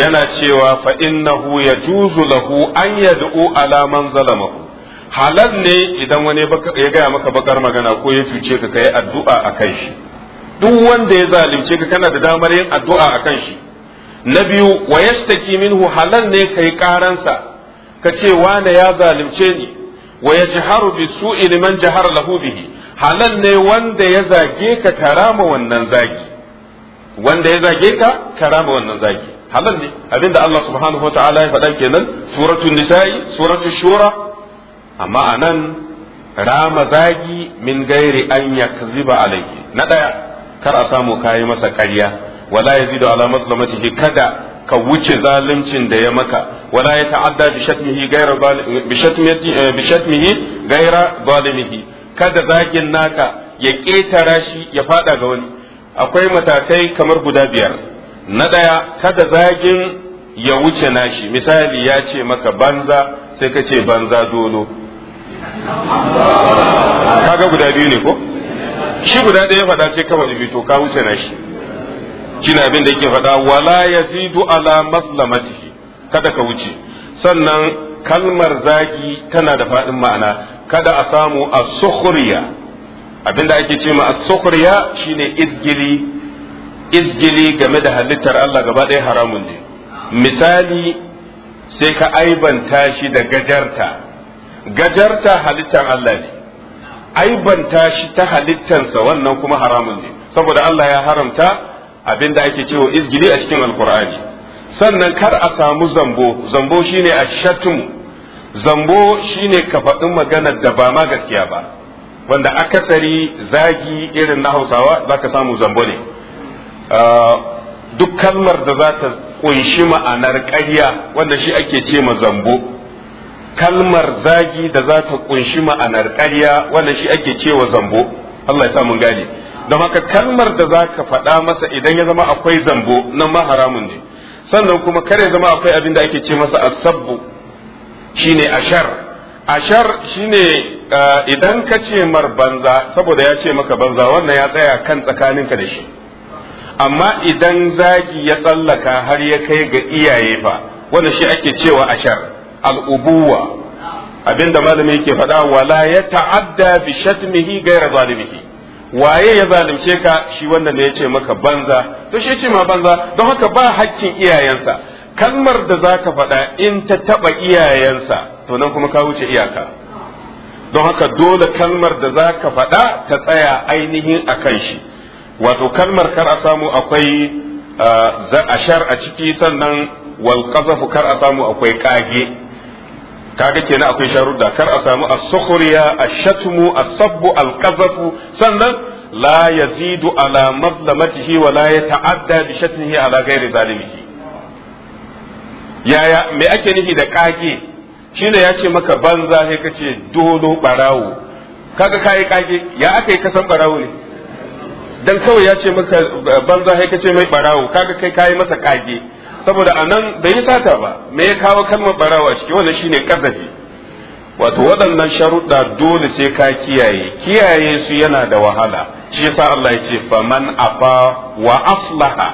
yana cewa fa innahu yajuzu lahu an yad'u ala man zalamahu halal ne idan wani ya gaya maka bakar magana ko ya fice ka kai addu'a akan shi duk wanda ya zalunce ka kana da damar yin addu'a akan shi na biyu wa yastaki minhu halal ne kai karansa ka ce wane ya zalunce ni wa yajharu bisu'i liman jahara lahu bihi halal ne wanda ya zage ka karama wannan zagi wanda ya zage ka karama wannan zagi halal ne abinda Allah subhanahu wataala ya faɗa kenan suratul nisa'i suratul shura amma anan rama zagi min gairi an yakziba alayhi na daya kar a samu kai masa ƙarya wala yazidu ala maslamatihi kada ka wuce zaluncin da ya maka wala ya ta'adda bi shatmihi gaira eh, bi shatmihi gaira zalimihi kada zagin naka ya ketara shi ya fada ga wani akwai matakai kamar guda biyar na daya kada zagin ya wuce nashi misali ya ce maka banza sai ka ce banza dolo kaga guda biyu ne ko shi guda ɗaya faɗa sai kawai fito ka wuce nashi kina abin da yake faɗa wala yazidu ala maslamatihi kada ka wuce sannan kalmar zagi tana da faɗin ma'ana kada a samu as-sukhriya abinda ake ce ma as-sukhriya shine izgili izgili game da halittar Allah gaba ɗaya haramun ne misali sai ka aibanta shi da gajarta gajarta halittar Allah ne aibanta shi ta halittarsa wannan kuma haramun ne saboda Allah ya haramta abin da ake cewa izgili a cikin alkur'ani sannan kar a samu zambo zambo shine a ashatum zambo shine ka faɗin maganar da ba ma gaskiya ba wanda akasari zagi irin na hausawa za ka samu zambo ne duk kalmar da za ta kunshi ma'anar ƙarya wanda shi ake ce ma zambo kalmar zagi da za ta kunshi ma'anar ƙarya wanda shi ake ce wa zambo Allah ya sa mun da haka kalmar da za ka faɗa masa idan ya zama akwai zambo nan ma haramun ne sannan kuma kar ya zama akwai abin da ake ce masa asabbu shine ashar ashar shine eh, idan ka ce mar banza saboda ya ce maka banza wannan ya tsaya kan tsakaninka da shi amma idan zagi ya tsallaka har ya kai ga iyaye fa wannan shi ake cewa ashar al'ubuwa abinda malami yake faɗa wala ya ta'adda bi shatmihi gaira zalimihi waye ya zalunce ka shi wanda ne ya ce maka banza to shi ce ma banza don haka ba hakkin iyayensa kalmar da za ka faɗa in ta taɓa iyayensa to nan kuma ka wuce iyaka don haka dole kalmar da za ka faɗa ta tsaya ainihin a kan shi wato kalmar kar a samu akwai ashar ah, a ciki sannan wal kar a samu akwai kage kaga kenan akwai sharuɗa kar a samu as-sukhriya ash-shatmu as-sabbu al qazf sannan la yazidu ala mazlamatihi wa la yata'adda bi shatmihi ala ghairi zalimihi yaya me ake nufi da kage shine ya ce maka banza sai kace dolo barawo kaga kai kage ya aka yi kasan barawo ne dan kawai ya ce maka banza sai kace mai barawo kaga kai kai masa kage saboda anan bai yi sata ba me ya kawo kalmar barawa ciki wannan shine kazafi wato waɗannan sharuɗa dole sai ka kiyaye kiyaye su yana da wahala shi yasa Allah ya ce faman afa wa aslaha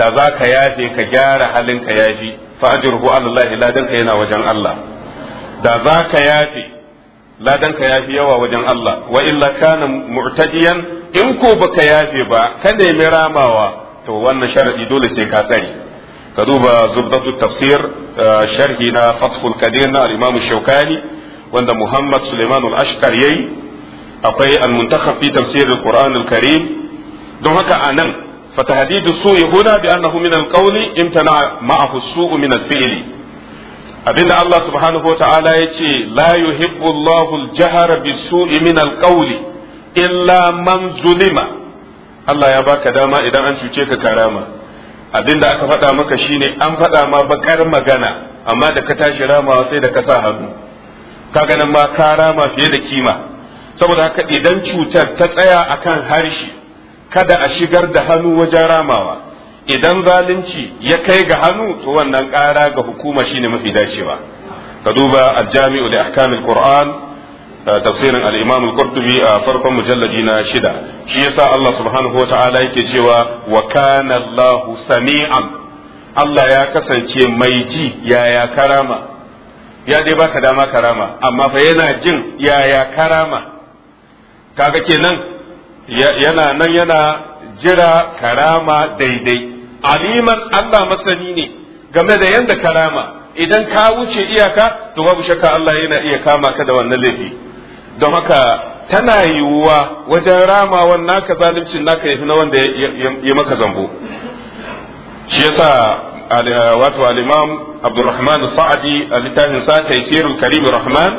da za ka yafe ka gyara halin ka yafi fa ajruhu alallahi ladan ka yana wajen Allah da za ka yafe ladan ka yafi yawa wajen Allah wa illa kana mu'tadiyan in ko baka yafe ba ka nemi ramawa to wannan sharadi dole sai ka tsare ka duba zubdatu tafsir eh, sharhi na fathul kadir na al-imam shaukani wanda muhammad suleiman al-ashkar yayi akwai almuntakafi tafsirin fi quran al-karim don haka anan fa tahdidu su'i huna bi annahu min al-qawli imtana ma'ahu as-su'u al-fi'li abinda Allah subhanahu wa ta'ala ce, la yuhibbu Allahu al-jahra bis-su'i min al-qawli illa man zulima Allah ya baka dama idan an cuce ka karama abin da aka faɗa maka shine an faɗa ma bakar magana amma da ka tashi ramawa sai da ka sa hannu kaga nan ma ka rama fiye da kima saboda haka idan cutar ta tsaya akan harshe kada a shigar da hannu wajen ramawa idan zalunci ya kai ga hannu to wannan ƙara ga hukuma shine mafi dacewa ka duba al-jami'u li ahkamil qur'an tafsirin al-Imam al-Qurtubi a farkon mujalladi na shida shi yasa Allah subhanahu wata'ala yake cewa wa kana Allah sami'an Allah ya kasance mai ji yaya karama ya dai baka dama karama amma fa yana jin yaya karama kaga kenan yana nan yana jira karama daidai aliman Allah masani ne game da yanda karama idan ka wuce iyaka to babu shakka Allah yana iya kama ka da wannan laifi don haka tana yiwuwa wajen ramawan naka zaluncin naka yafi na wanda ya maka zambo shi yasa wato alimam Abdurrahman Sa'adi a littafin sa Taysirul Karim Rahman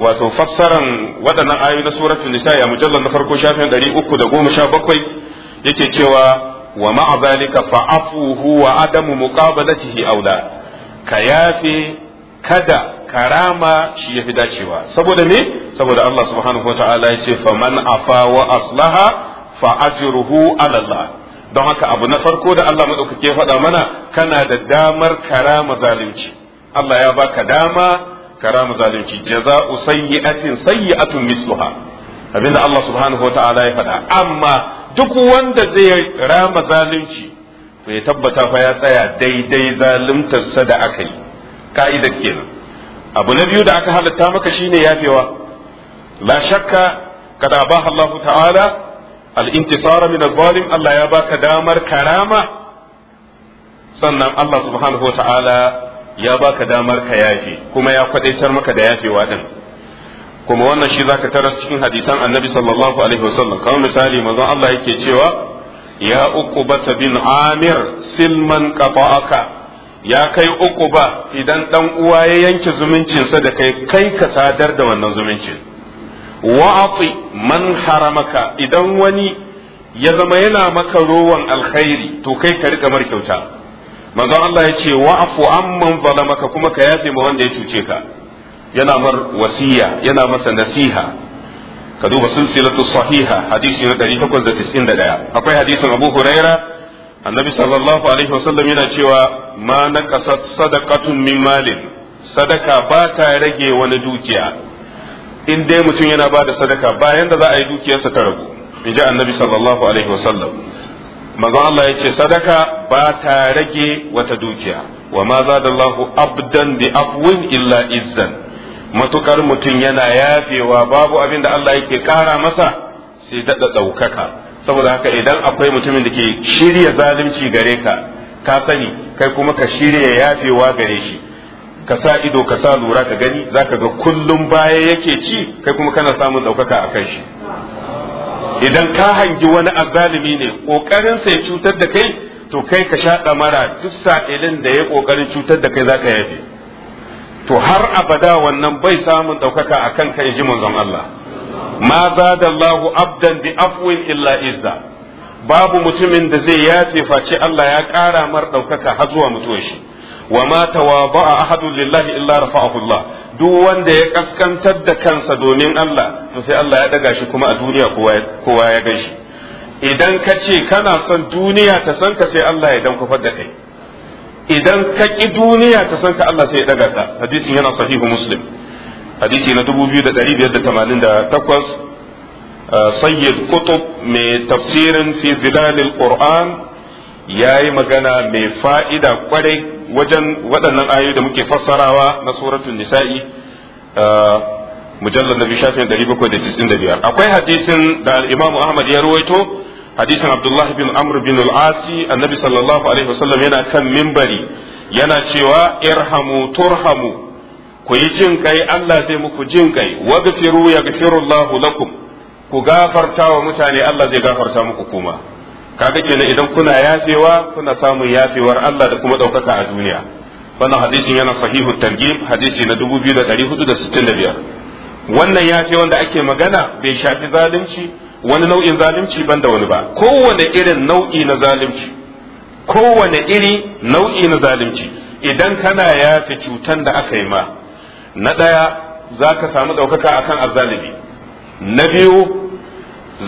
wato fassaran waɗannan ayoyi na suratul nisa ya mujallal na farko shafin 317 yake cewa wa ma'a zalika fa'afuhu wa adamu muqabalatihi aula ka yafe kada karama shi yafi dacewa saboda me saboda Allah subhanahu wata'ala ya ce faman afa wa aslaha fa ajruhu ala Allah don haka abu na farko da Allah madaukake faɗa mana kana da damar karama zalunci Allah ya baka dama karama zalunci jaza'u sayyi'atin sayyi'atun misluha abinda Allah subhanahu wata'ala ya faɗa amma duk wanda zai rama zalunci to ya tabbata fa ya tsaya daidai zaluntarsa da aka yi ka'idar kenan abu na biyu da aka halatta maka shine yafewa la shakka kada abaha Allah ta'ala al-intisara min al-zalim Allah ya baka damar karama sannan Allah subhanahu wa ta'ala ya baka damar ka yafe kuma ya kwadaitar maka da yafewa din kuma wannan shi zaka tarar cikin hadisan annabi sallallahu alaihi wasallam kamar misali manzon Allah yake cewa ya uqbata bin amir silman qata'aka ya kai uku ba idan dan uwa ya yanke zumuncinsa da kai kai ka sadar da wannan zumuncin wa'ati man haramaka idan wani ya zama yana maka rowan alkhairi to kai ka rika mar kyauta manzon Allah ya ce wa'fu amman zalamaka kuma ka yafe ma wanda ya cuce ka yana mar wasiya yana masa nasiha ka duba silsilatu sahiha hadisi na 891 akwai hadisin Abu Huraira annabi sallallahu alaihi wasallam yana cewa ma naqasat sadaqatun min malin sadaka ba ta rage wani dukiya in dai mutum yana ba da sadaka bayan da za a yi dukiyarsa ta ragu in ji annabi sallallahu alaihi wasallam manzon Allah ya ce sadaka ba ta rage wata dukiya wa ma zadallahu abdan bi afwin illa izzan matukar mutum yana yafewa babu abin da Allah yake kara masa sai daɗa ɗaukaka saboda haka idan akwai mutumin da ke shirya zalunci gare ka ka sani kai kuma ka shirya yafewa gare shi ka sa ido ka sa lura ka gani zaka ga kullum baya yake ci kai kuma kana samun ɗaukaka a kan shi idan ka hangi wani azzalimi ne ƙoƙarin ya cutar da kai to kai ka sha ɗamara duk sa'ilin da ya kokarin cutar da kai zaka yafe to har abada wannan bai samun ɗaukaka akan kan ka ji manzon Allah ma zada Allahu abdan bi afwin illa izza babu mutumin da zai yace face Allah ya kara mar ɗaukaka har zuwa mutuwar shi wa ma tawaba'a ahadun lillahi illa rafa'ahu Allah duk wanda ya kaskantar da kansa domin Allah to sai Allah ya daga shi kuma a duniya kowa ya gan shi idan ka ce kana son duniya ta san ka sai Allah ya dan kufar da kai idan ka ki duniya ta san ka Allah sai ya daga ka hadisin yana sahihu muslim hadisi na 2588 uh, sayyid kutub mai tafsirin fi zilalil qur'an yi magana mai fa'ida kwarai wajen waɗannan ayoyi da muke fassarawa na suratul nisa'i uh, mujallar na bishafin 795 akwai hadisin da al-imamu ahmad ya ruwaito hadisin abdullahi bin amr bin al-asi annabi sallallahu alaihi wasallam yana kan minbari yana cewa irhamu turhamu ku yi jin kai Allah zai muku jin kai wa waghfiru yaghfirullahu lakum ku gafarta wa mutane Allah zai gafarta muku kuma kaga kenan idan kuna yafewa kuna samun yafewar Allah da kuma daukaka a duniya wannan hadisin yana sahihu targhib hadisi na 2465 wannan yafe wanda ake magana bai shafi zalunci wani nau'in zalunci banda wani ba kowane irin nau'i na zalunci kowane iri nau'i na zalunci idan kana yafe cutan da aka yi ma na ɗaya za ka samu ɗaukaka kan azzalimi na biyu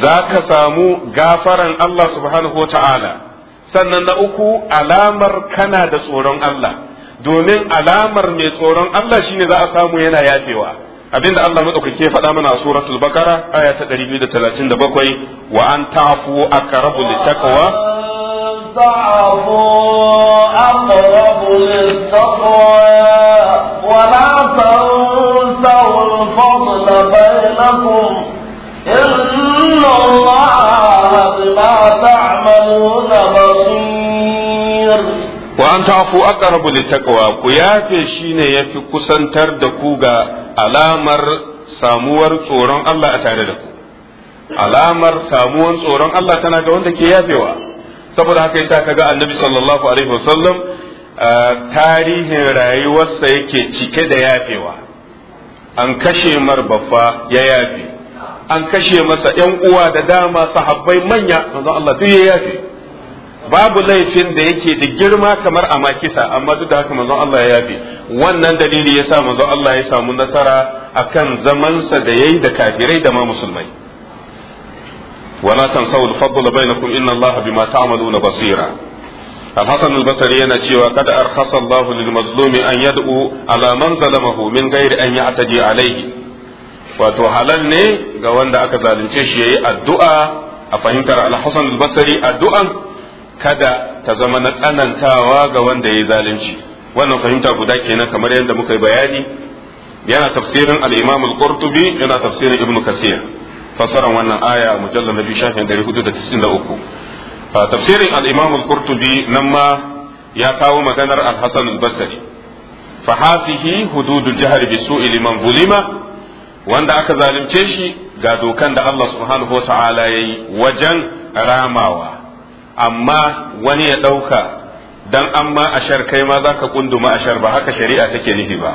za ka samu gafaran Allah subhanahu wa ta'ala sannan na uku alamar kana da tsoron Allah domin alamar mai tsoron Allah shine za a samu yana yafewa abinda Allah madaukake faɗa mana a suratul bakara aya ta 237 wa an tafu aqrabu littaqwa a karabu littakawa ولا تنسوا الفضل بينكم إن الله بما تعملون بصير وأن تعفوا أقرب للتقوى قيافة شين يفي كسن تردكوغا ألامر سامور صورا الله أتاردكو alamar samuwan tsoron Allah tana ga wanda ke yafewa saboda haka yasa kaga annabi sallallahu alaihi wasallam tarihin rayuwarsa yake cike da yafewa an kashe marbaffa ya yafe an kashe masa ‘yan uwa da dama sahabbai manya manzon Allah duk ya yafe babu laifin da yake da girma kamar a makisa amma duk da haka manzon Allah ya yafe wannan dalili ya sa manzon Allah ya samu nasara akan zamansa da yayi da kafirai da ma musulmai ولا تنسوا الفضل بينكم bi الله بما na basira. الحسن البصري ينشيوا قد أرخص الله للمظلوم أن يدعو على من ظلمه من غير أن يعتدي عليه wato halal ne ga wanda aka zalunce shi ya yi addu'a a fahimtar alhassan albasari addu'an kada ta zama na tsanantawa ga wanda yayi zalunci wannan fahimta guda kenan kamar yadda muka yi bayani yana tafsirin al-Imam al-Qurtubi yana tafsirin Ibn Kathir fasaran wannan aya mujallar na biyu shafin 493 tafsirin al kurtubi al nan ma ya kawo maganar al-hasan al-basri fa hafihi hududul jahri bi su'i liman wanda aka zalunce shi ga dokan da Allah subhanahu wata'ala yayi wajen ramawa amma wani ya ɗauka dan amma ashar kai ma zaka kunduma ashar ba haka shari'a take nufi ba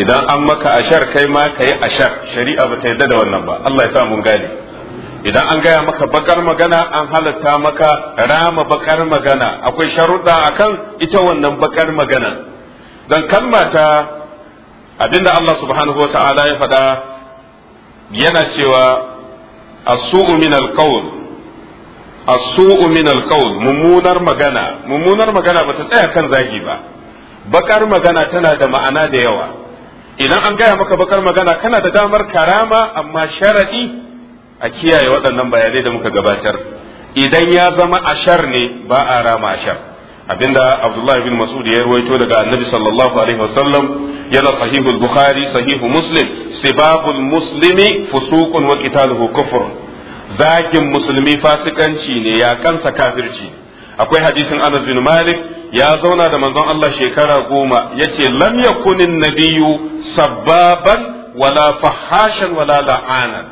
idan an maka ashar kai ma kayi yi ashar shari'a ba ta yarda da wannan ba Allah ya sa mun gane idan an gaya maka bakar magana an halatta maka rama bakar magana akwai sharuɗa akan ita wannan bakar magana dan kalmata abinda Allah subhanahu wa ta'ala ya faɗa yana cewa as-su'u min al-qawl as-su'u min al-qawl mummunar magana mummunar magana ba ta tsaya kan zagi ba bakar magana tana da ma'ana da yawa idan an gaya maka bakar magana kana da damar karama amma sharadi a kiyaye waɗannan bayanai da muka gabatar idan ya zama ashar ne ba a rama ashar abinda abdullahi bin mas'ud ya ruwaito daga annabi sallallahu alaihi wasallam yana sahihul bukhari sahihu muslim sibabul muslimi fusuqun wa qitaluhu kufr zakin musulmi fasikanci ne ya kansa kafirci akwai hadisin anas bin malik ya zauna da manzon Allah shekara goma yace lam yakunin nabiyyu sabbaban wala fahashan wala la'anan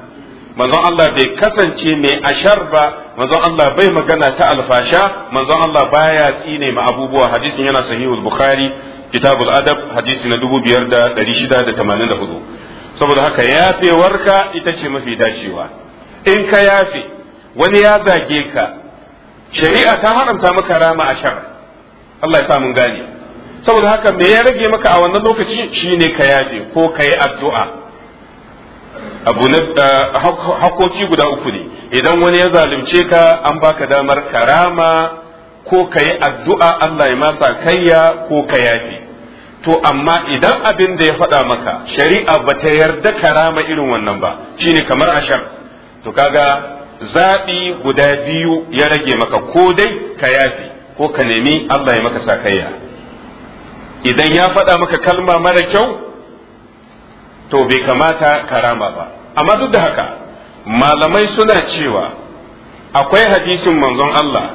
manzon Allah bai kasance mai ashar ba manzon Allah bai magana ta alfasha manzon Allah baya tsine ma abubuwa hadisin yana sahihul bukhari kitabul adab hadisi na 2684 saboda haka yafewarka ita ce mafi dacewa in ka yafe wani ya zage ka shari'a ta haramta maka rama ashar Allah ya sa mun gane saboda haka me ya rage maka a wannan lokaci shine ka yafe ko ka yi addu'a abu na eh, hakoki guda uku ne idan wani ya zalunce ka an baka damar karama ko ka yi addu'a Allah ya masa kayya ko ka yafi to amma idan abin da ya faɗa maka shari'a ba ta yarda karama irin wannan ba shine kamar ashar to kaga zaɓi guda biyu ya rage maka ko dai ka yafi ko ka nemi Allah ya maka sakayya idan ya faɗa maka kalma mara kyau to bai kamata karama ba amma duk da haka malamai suna cewa akwai hadisin manzon Allah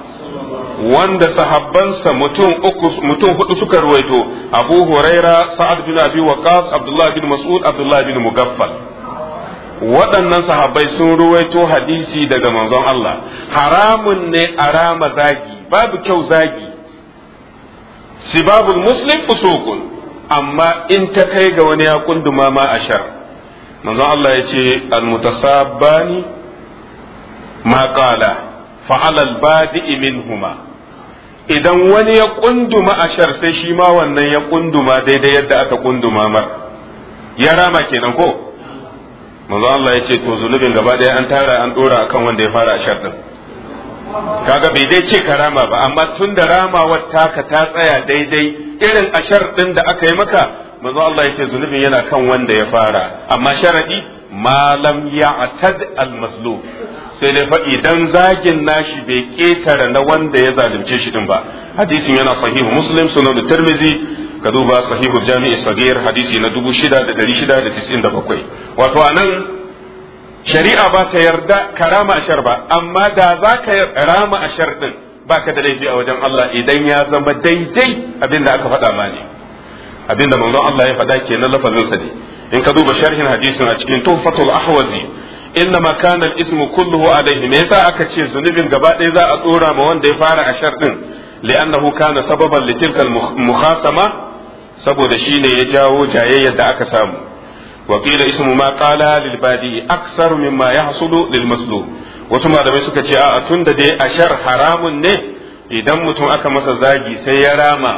wanda sahabbansa mutum uku mutum hudu suka ruwaito Abu Huraira Sa'ad bin Abi Waqqas Abdullah bin Mas'ud Abdullah bin Mugaffal waɗannan sahabbai sun ruwaito hadisi daga manzon Allah haramun ne a rama zagi babu kyau zagi sibabul muslim fusukun amma in ta kai ga wani ya kunduma ma a shar Allah ya ce almutasabbani ma qala fa'ala albadi'i minhuma idan wani ya kunduma a shar sai shi ma wannan ya kunduma daidai yadda aka kunduma mar ya rama kenan ko manzo Allah ya ce to zunubin gaba ɗaya an tara an dora akan wanda ya fara ashar shar din kaga bai dai ce karama ba amma tun da ramawar taka ta tsaya daidai irin a sharɗin da aka yi maka manzo Allah yake zunubin yana kan wanda ya fara amma sharadi malam ya atad al maslub sai dai fa idan zagin nashi bai ketare na wanda ya zalunce shi din ba hadisin yana sahihu muslim sunan tirmizi ka duba sahihu jami'i sagir hadisi na 6697 wato anan shari'a ba ta yarda ka rama ashar ba amma da za ka rama ashar din baka da laifi a wajen Allah idan ya zama daidai abinda aka faɗa mani. ne abinda manzon Allah ya faɗa kenan lafazin sa ne in ka duba sharhin hadisin a cikin tuhfatul ahwazi inna ma kana al-ismu kulluhu alayhi me yasa aka ce zunubin gaba ɗaya za a tsora ma wanda ya fara ashar din li'annahu kana sababan litilka al-mukhasama saboda shine ya jawo jayayyar da aka samu وقيل اسم ما قال للبادي أكثر مما يحصل للمسلوب wasu malamai suka ce a tun da dai ashar haramun ne idan mutum aka masa zagi sai ya rama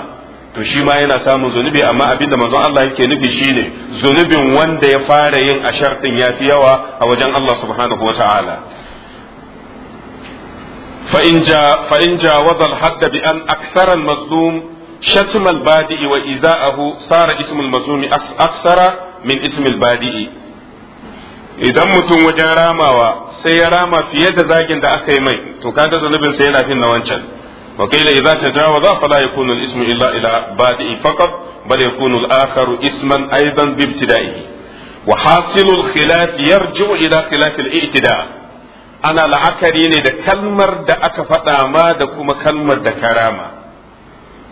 to shi ma yana samun zunubi amma abin da manzon Allah yake nufi shine zunubin wanda ya fara yin ashar din yafi yawa a wajen Allah subhanahu wa ta'ala fa in ja fa in bi an al-mazlum shatm al-badi wa iza'ahu sara ismu al-mazlumi aksara. min ismil badi'i idan mutum wajen ramawa sai ya rama fiye da zagin da aka yi mai to kaga zunubin sai yana fin na wancan wa qila idza tajawaza fala yakunu al ismu illa ila badi'i faqat bal yakunu al akharu isman aidan bi ibtida'ihi wa hasilu al khilaf yarji'u ila khilaf al i'tida' ana la'akari ne da kalmar da aka faɗa ma da kuma kalmar da karama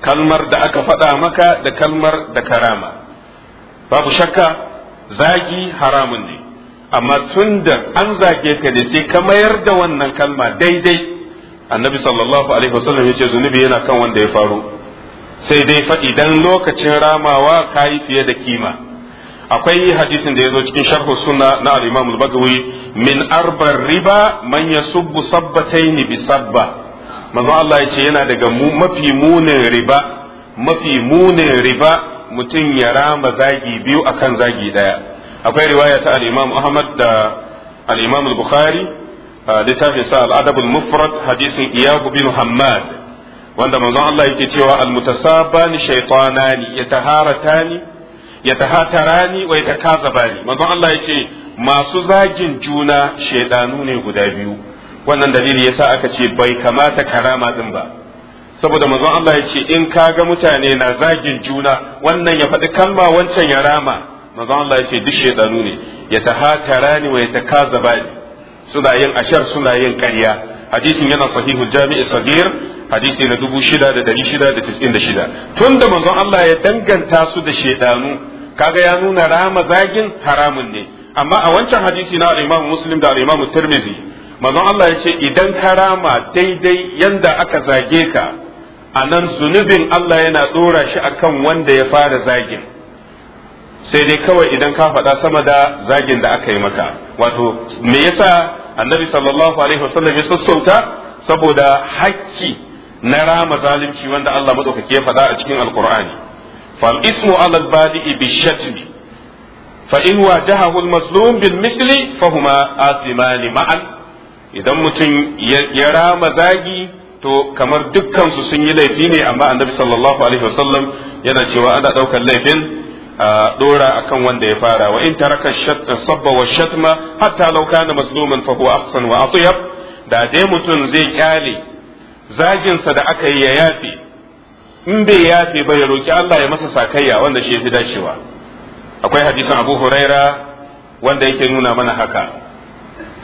kalmar da aka faɗa maka da kalmar da karama babu shakka zagi haramun ne amma tun da an zage ka ne sai ka mayar da wannan kalma daidai annabi sallallahu alaihi wasallam yace zunubi yana kan wanda ya faru sai dai fa idan lokacin ramawa kayi fiye da kima akwai hadisin da ya zo cikin sharh sunna na al-imam al-bagawi min arbar riba man yasubbu sabbataini bi sabba manzo Allah yace yana daga mafi munin riba mafi munin riba mutum ya rama zagi biyu akan zagi daya akwai riwaya ta al-Imam Ahmad da al-Imam al-Bukhari littafin sa al-Adab al-Mufrad hadisin Iyab bin Hammad wanda manzon Allah yake cewa al-mutasabani shaytanani yataharatani yatahatarani wa yatakazabani manzon Allah yake masu zagin juna shaydanu ne guda biyu wannan dalili yasa aka ce bai kamata karama din ba saboda manzon Allah ya ce in ka ga mutane na zagin juna wannan ya faɗi kalma wancan ya rama manzon Allah ya ce duk shaidanu ne ya tahatara ni wa ya ta kaza takazaba suna yin ashar suna yin ƙarya hadisin yana sahihu jami'i sagir hadisi na dubu shida da dari shida da tis'in da shida tun da manzon Allah ya danganta su da shaidanu kaga ya nuna rama zagin haramun ne amma a wancan hadisi na al-Imam Muslim da al-Imam Tirmidhi manzon Allah ya ce idan ka rama daidai yanda aka zage ka Anan zunubin Allah yana ɗora shi akan wanda ya fara zagin sai dai kawai idan ka faɗa sama da zagin da aka yi maka wato me yasa annabi sallallahu alaihi wasallam ya sassauta saboda hakki na rama zalunci wanda Allah madaukake ya faɗa a cikin alqur'ani fal ismu ala albadi'i bishatmi fa in wajahahu almazlum bil misli fa huma asimani ma'an idan mutum ya rama zagi to kamar dukkansu sun yi laifi ne amma annabi sallallahu alaihi wasallam yana cewa ana daukar laifin a dora akan wanda ya fara wa in taraka sabba wa shatma hatta law kana mazluman fa huwa ahsan wa atyab da dai mutum zai kyale zagin sa da aka yi ya yafe in bai yafe ba ya roki Allah ya masa sakayya wanda shi ya fi dacewa akwai hadisin Abu Huraira wanda yake nuna mana haka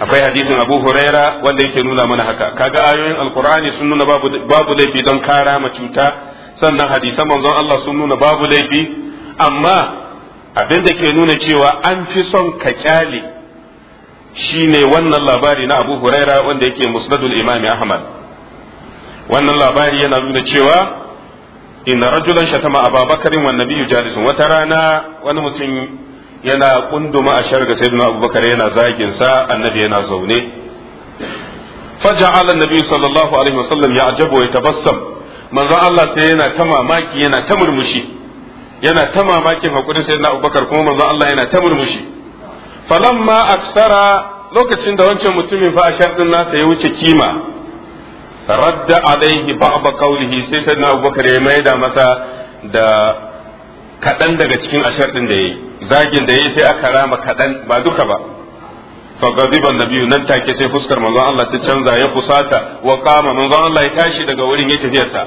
akwai hadisin abu huraira wanda yake nuna mana haka kaga ayoyin alkur'ani sun nuna babu laifi don kara ma cuta sannan hadisan manzon Allah sun nuna babu laifi amma abin da ke nuna cewa an fi son ka kyale shine wannan labari na abu huraira wanda yake musnadul imami ahmad wannan labari yana nuna cewa inna rajulan shatama ababakarin wan nabiyyu jalisun wata rana wani mutum yana kunduma a shar ga sayyidun abubakar yana zagin sa annabi yana zaune faja'ala annabi sallallahu alaihi wasallam ya ajabu ya tabassam manzo Allah sai yana ta mamaki yana ta murmushi yana ta mamakin hakurin sayyidun abubakar kuma manzo Allah yana ta murmushi falamma aksara lokacin da wancan mutumin fa shar din nasa ya wuce kima radda alaihi ba'da qawlihi sai sayyidun abubakar ya maida masa da kaɗan daga cikin ashar ɗin da ya yi zagin da ya yi sai aka rama kaɗan ba duka ba fagadiban nabiyu nan take sai fuskar manzon Allah ta canza ya kusata wa kama manzon Allah ya tashi daga wurin ya tafiyarsa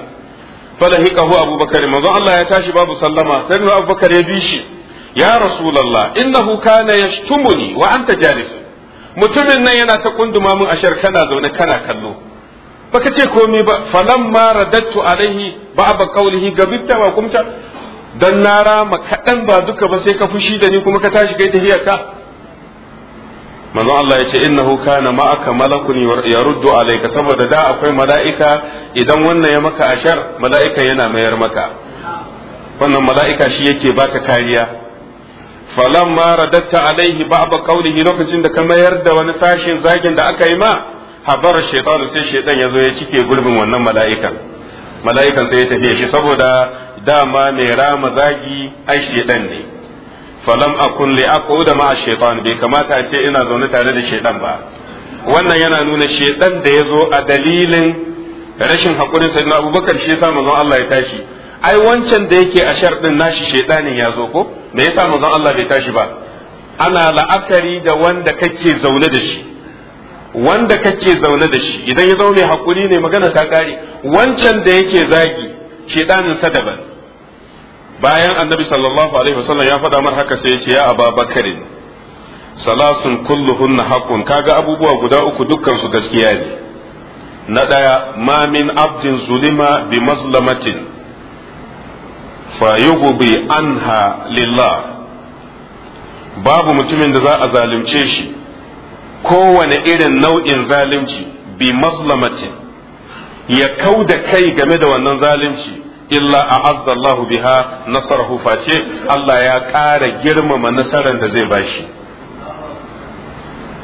falahiqahu abubakar manzon Allah ya tashi babu sallama sai abubakar ya bi shi ya rasulullah innahu kana yashtumuni wa anta jalis mutumin nan yana ta kunduma mun ashar kana zaune kana kallo baka ce komai ba falamma radattu alaihi ba qawlihi gabita wa kumta Don na rama kaɗan ba duka ba sai ka fushi da ni kuma ka tashi kai tafiya ka manzo Allah ya ce innahu kana ma'aka malakun yaruddu alayka saboda da akwai mala'ika idan wannan ya maka ashar mala'ika yana mayar maka wannan mala'ika shi yake baka kariya falamma radatta alaihi ba'da qawlihi lokacin da ka mayar da wani sashin zagin da aka yi ma habara shaytanu sai shaytan ya zo ya cike gurbin wannan mala'ikan mala'ikan sai ya tafi shi saboda dama mai rama zagi ai shedan ne falam akun li aquda ma shaytan bai kamata a ce ina zaune tare da shedan ba wannan yana nuna shedan da ya zo a dalilin rashin hakurin na abubakar shi yasa manzon Allah ya tashi ai wancan da yake a sharɗin nashi shedanin ya zo ko me yasa manzon Allah bai tashi ba ana la'akari da wanda kake zaune da shi wanda kake zaune da shi idan ya zaune hakuri ne magana ta kare wancan da yake zagi shedanin sa daban bayan annabi sallallahu alaihi wasallam ya faɗa mar haka sai ya ce ya ababakar salasun kulluhunna haqqun kaga abubuwa guda uku dukkan su gaskiya ne na daya ma min abdin zulima bi mazlamatin fa yughbi anha lillah babu mutumin da za a zalunce shi kowane irin nau'in zalunci bi mazlamatin ya kau da kai game da wannan zalunci illa a azzallahu biha nasarahu face Allah ya ƙara girmama nasarar da zai bashi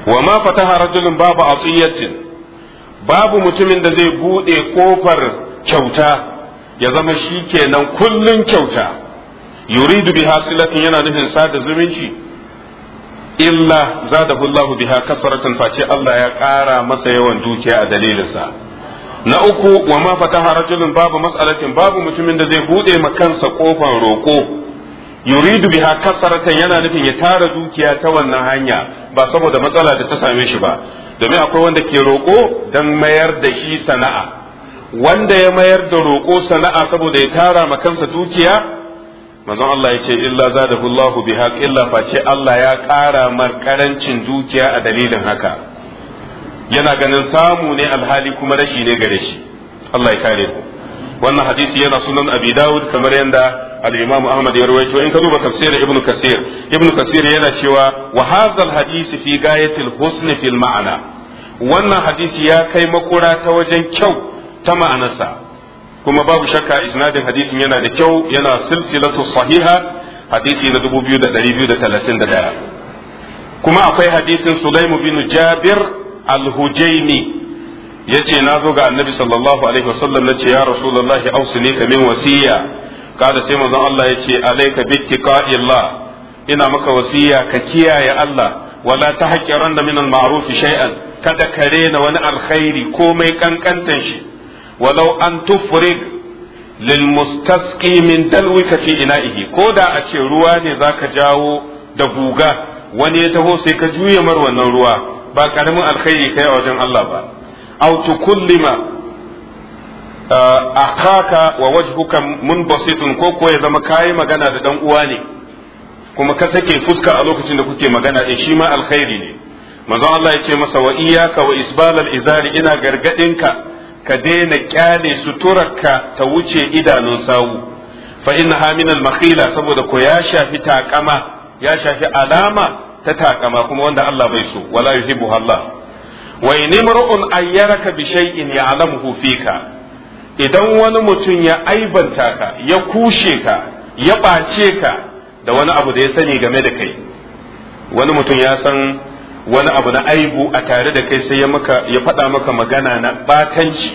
wa ma fataha rajulun babu asiyatin babu mutumin da zai buɗe ƙofar kyauta ya zama shi kenan kullun kyauta yuridu biha silatin yana nufin sada zumunci illa zadahu Allahu biha kasratan face Allah ya ƙara masa yawan dukiya a dalilinsa na uku wa ma fataha rajulun babu mas'alatin babu mutumin da zai bude ma kansa kofan roko yuridu biha kasaratan yana nufin ya tara dukiya ta wannan hanya ba saboda matsala da ta same shi ba domin akwai wanda ke roko dan mayar da shi sana'a wanda ya mayar da roko sana'a saboda ya tara ma kansa dukiya manzon Allah yace illa zadahu Allah biha illa face Allah ya ƙara mar karancin dukiya a dalilin haka yana ganin samu ne alhali kuma rashi ne gare shi Allah ya kare ku wannan hadisi yana sunan Abi Dawud kamar yanda al-Imam Ahmad ya rawaito in ka duba da Ibn Kasir Ibn Kasir yana cewa wa hadisi fi gayatil husn fil ma'ana wannan hadisi ya kai makura ta wajen kyau ta ma'anarsa kuma babu shakka isnadin hadisin yana da kyau yana silsilatu sahiha hadisi na 2231 kuma akwai hadisin Sulaimu bin Jabir al-Hujaini yace na zo ga Annabi sallallahu alaihi wasallam nace ya Rasulullahi ausini ka min wasiya kada sai manzon Allah yace alayka bittiqa'illah ina maka wasiya ka kiyaye Allah wala tahqiranna min al-ma'ruf shay'an kada ka rena wani alkhairi komai kankantan shi walau an tufrig lil mustasqi min dalwika fi ina'ihi ko da a ce ruwa ne zaka jawo da guga wani ya taho sai ka juya mar ruwa ba karamin alkhairi kai a wajen Allah ba aw tukullima akaka wa wajhuka munbasitun ko ko ya zama kayi magana da dan uwa ne kuma ka sake fuska a lokacin da kuke magana din shi ma alkhairi ne manzo Allah ya ce masa wa iyyaka wa isbalal izari ina ka. ka daina kyale suturarka ta wuce idanun sawu fa inna haminal makhila saboda ko ya shafi takama ya shafi alama ta takama kuma wanda Allah bai so wala yuhibbu Allah wa in imru'un ayyaraka bi shay'in ya'lamuhu fika idan wani mutum ya aibanta ka ya kushe ka ya ɓace ka da wani abu da ya sani game da kai wani mutum ya san wani abu na aibu a tare da kai sai ya maka ya faɗa maka magana na batanci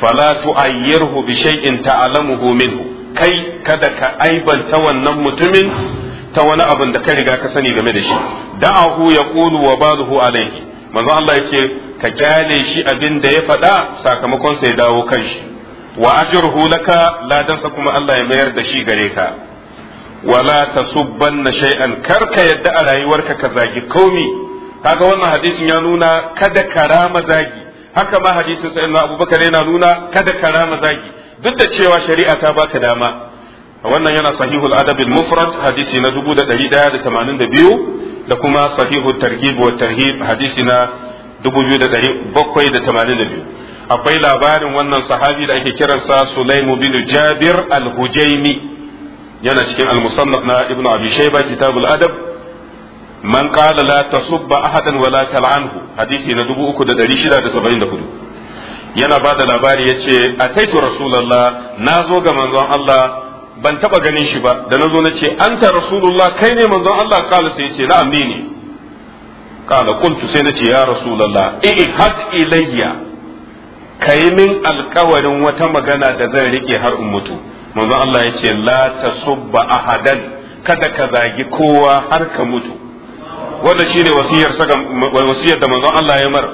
fala tu'ayyirhu bi shay'in ta'lamuhu minhu kai kada ka aibanta wannan mutumin ta wani abin da ka riga ka sani game da shi da'ahu yaqulu wa ba'dahu alayhi manzo Allah yake ka kyale shi abin da ya faɗa sakamakon sai dawo kan shi wa ajruhu laka ladansa kuma Allah ya mayar da shi gare ka wala shai'an kar ka yadda a rayuwarka ka zagi kaumi kaga wannan hadisin ya nuna kada karama zagi haka ma hadisin sayyidina abubakar yana nuna kada karama zagi duk da cewa shari'a ta baka dama wannan yana sahihul adabil mufrad hadisi na 1182 da kuma sahihul wa tarhib hadisi na 2782 akwai labarin wannan sahabi da ake kiransa Sulaimu bin Jabir al-Hujaimi yana cikin almusannaf na ibnu abi shayba kitabul adab man qala la tasubba ahadan wa la tal'anhu hadisi na 3674 yana ba da labari yace ataitu rasulullah nazo ga manzon Allah ban taba ganin shi ba da nazo nace anta rasulullah kai ne manzon Allah kala sai yace na'am ni kala qultu sai nace ya rasulullah ihad ilayya kai min alkawarin wata magana da zan rike har in mutu manzo Allah ya ce la tasubba ahadan kada ka zagi kowa har ka mutu wanda shine wasiyar saka wasiyar da manzo Allah ya mar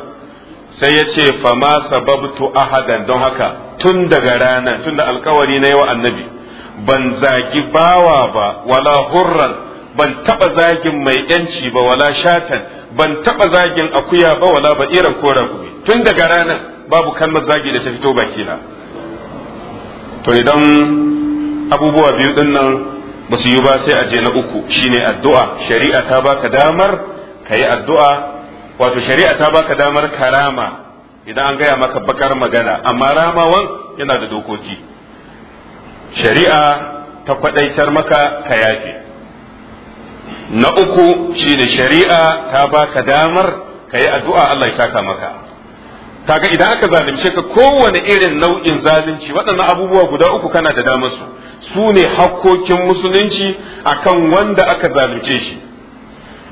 sai ya ce fama sababtu ahadan don haka tun daga rana tun da alkawari na yawa annabi ban zagi bawa ba wala hurran ban taba zagin mai yanci ba wala shatan ban taba zagin akuya ba wala ba irin koran kuɓi tun daga ranar babu kalmar zagi da ta fito bakina to idan abubuwa biyu din nan ba su yi ba sai a je na uku shine addu'a shari'a ta baka damar ka yi addu'a wato shari'a ta baka damar karama idan an gaya maka bakar magana amma ramawan yana da dokoki shari'a ta kwadaitar maka ka yafe na uku shine shari'a ta baka damar ka yi addu'a Allah ya saka maka kaga idan aka zalunce ka kowane irin nau'in zalunci waɗannan abubuwa guda uku kana da damar su su ne hakkokin musulunci akan wanda aka zalunce shi